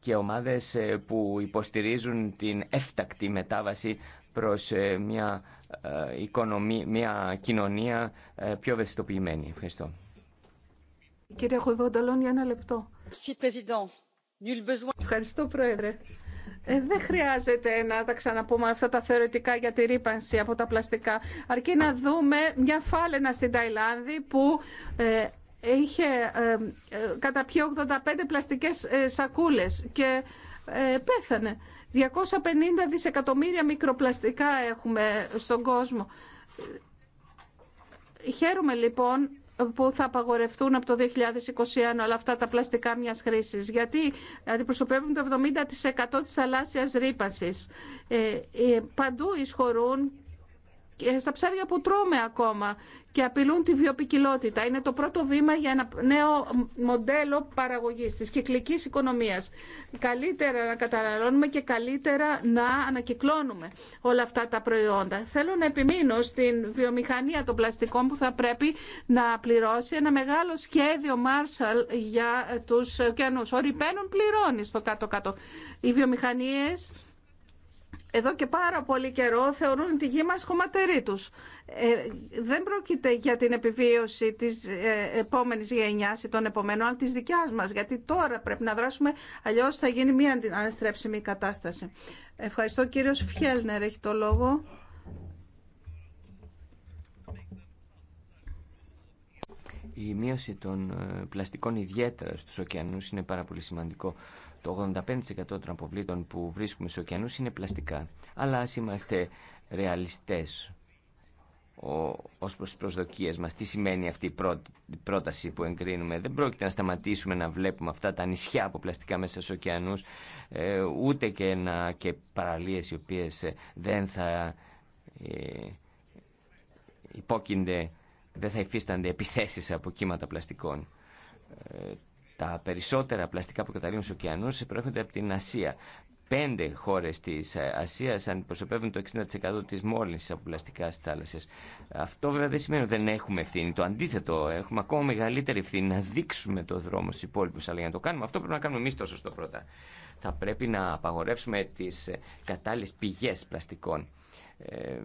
και ομάδες ε, που υποστηρίζουν την έφτακτη μετάβαση προς ε, μια, ε, οικονομή, μια κοινωνία πιο ευαισθητοποιημένη. Ευχαριστώ. Κύριε Χουιβοντολόν, για ένα λεπτό. Ευχαριστώ, Πρόεδρε. Ε, δεν χρειάζεται να τα ξαναπούμε αυτά τα θεωρητικά για τη ρήπανση από τα πλαστικά. Αρκεί να δούμε μια φάλαινα στην Ταϊλάνδη που είχε ε, ε, κατά πιο 85 πλαστικές ε, σακούλες και πέθανε. 250 δισεκατομμύρια μικροπλαστικά έχουμε στον κόσμο. Χαίρομαι λοιπόν που θα απαγορευτούν από το 2021 όλα αυτά τα πλαστικά μιας χρήσης, γιατί αντιπροσωπεύουν το 70% της θαλάσσιας ρήπανσης. παντού ισχωρούν στα ψάρια που τρώμε ακόμα και απειλούν τη βιοπικιλότητα. Είναι το πρώτο βήμα για ένα νέο μοντέλο παραγωγής της κυκλικής οικονομίας. Καλύτερα να καταναλώνουμε και καλύτερα να ανακυκλώνουμε όλα αυτά τα προϊόντα. Θέλω να επιμείνω στην βιομηχανία των πλαστικών που θα πρέπει να πληρώσει ένα μεγάλο σχέδιο Marshall για τους ωκεανούς. Ο Ριπένων πληρώνει στο κάτω-κάτω. Οι βιομηχανίες εδώ και πάρα πολύ καιρό θεωρούν τη γη μας χωματερή τους. Ε, δεν πρόκειται για την επιβίωση της ε, επόμενης γενιάς ή των επομένων, αλλά της δικιάς μας, γιατί τώρα πρέπει να δράσουμε, αλλιώς θα γίνει μια αναστρέψιμη κατάσταση. Ευχαριστώ κύριος Φιέλνερ, έχει το λόγο. Η μείωση των ε, πλαστικών ιδιαίτερα στους ωκεανούς είναι πάρα πολύ σημαντικό το 85% των αποβλήτων που βρίσκουμε στους ωκεανούς είναι πλαστικά. Αλλά ας είμαστε ρεαλιστές ως προς τις προσδοκίες μας. Τι σημαίνει αυτή η πρόταση που εγκρίνουμε. Δεν πρόκειται να σταματήσουμε να βλέπουμε αυτά τα νησιά από πλαστικά μέσα στους ωκεανούς, ε, ούτε και, να, και παραλίες οι οποίες ε, δεν θα ε, υπόκεινται, δεν θα υφίστανται επιθέσεις από κύματα πλαστικών. Τα περισσότερα πλαστικά που καταλήγουν στους ωκεανούς προέρχονται από την Ασία. Πέντε χώρες της ε, Ασίας αντιπροσωπεύουν το 60% τη μόλυνσης από πλαστικά στι θάλασσε. Αυτό βέβαια δεν σημαίνει ότι δεν έχουμε ευθύνη. Το αντίθετο, έχουμε ακόμα μεγαλύτερη ευθύνη να δείξουμε το δρόμο στους υπόλοιπου. Αλλά για να το κάνουμε αυτό πρέπει να κάνουμε εμεί τόσο σωστό πρώτα. Θα πρέπει να απαγορεύσουμε τι ε, κατάλληλε πηγέ πλαστικών. Ε,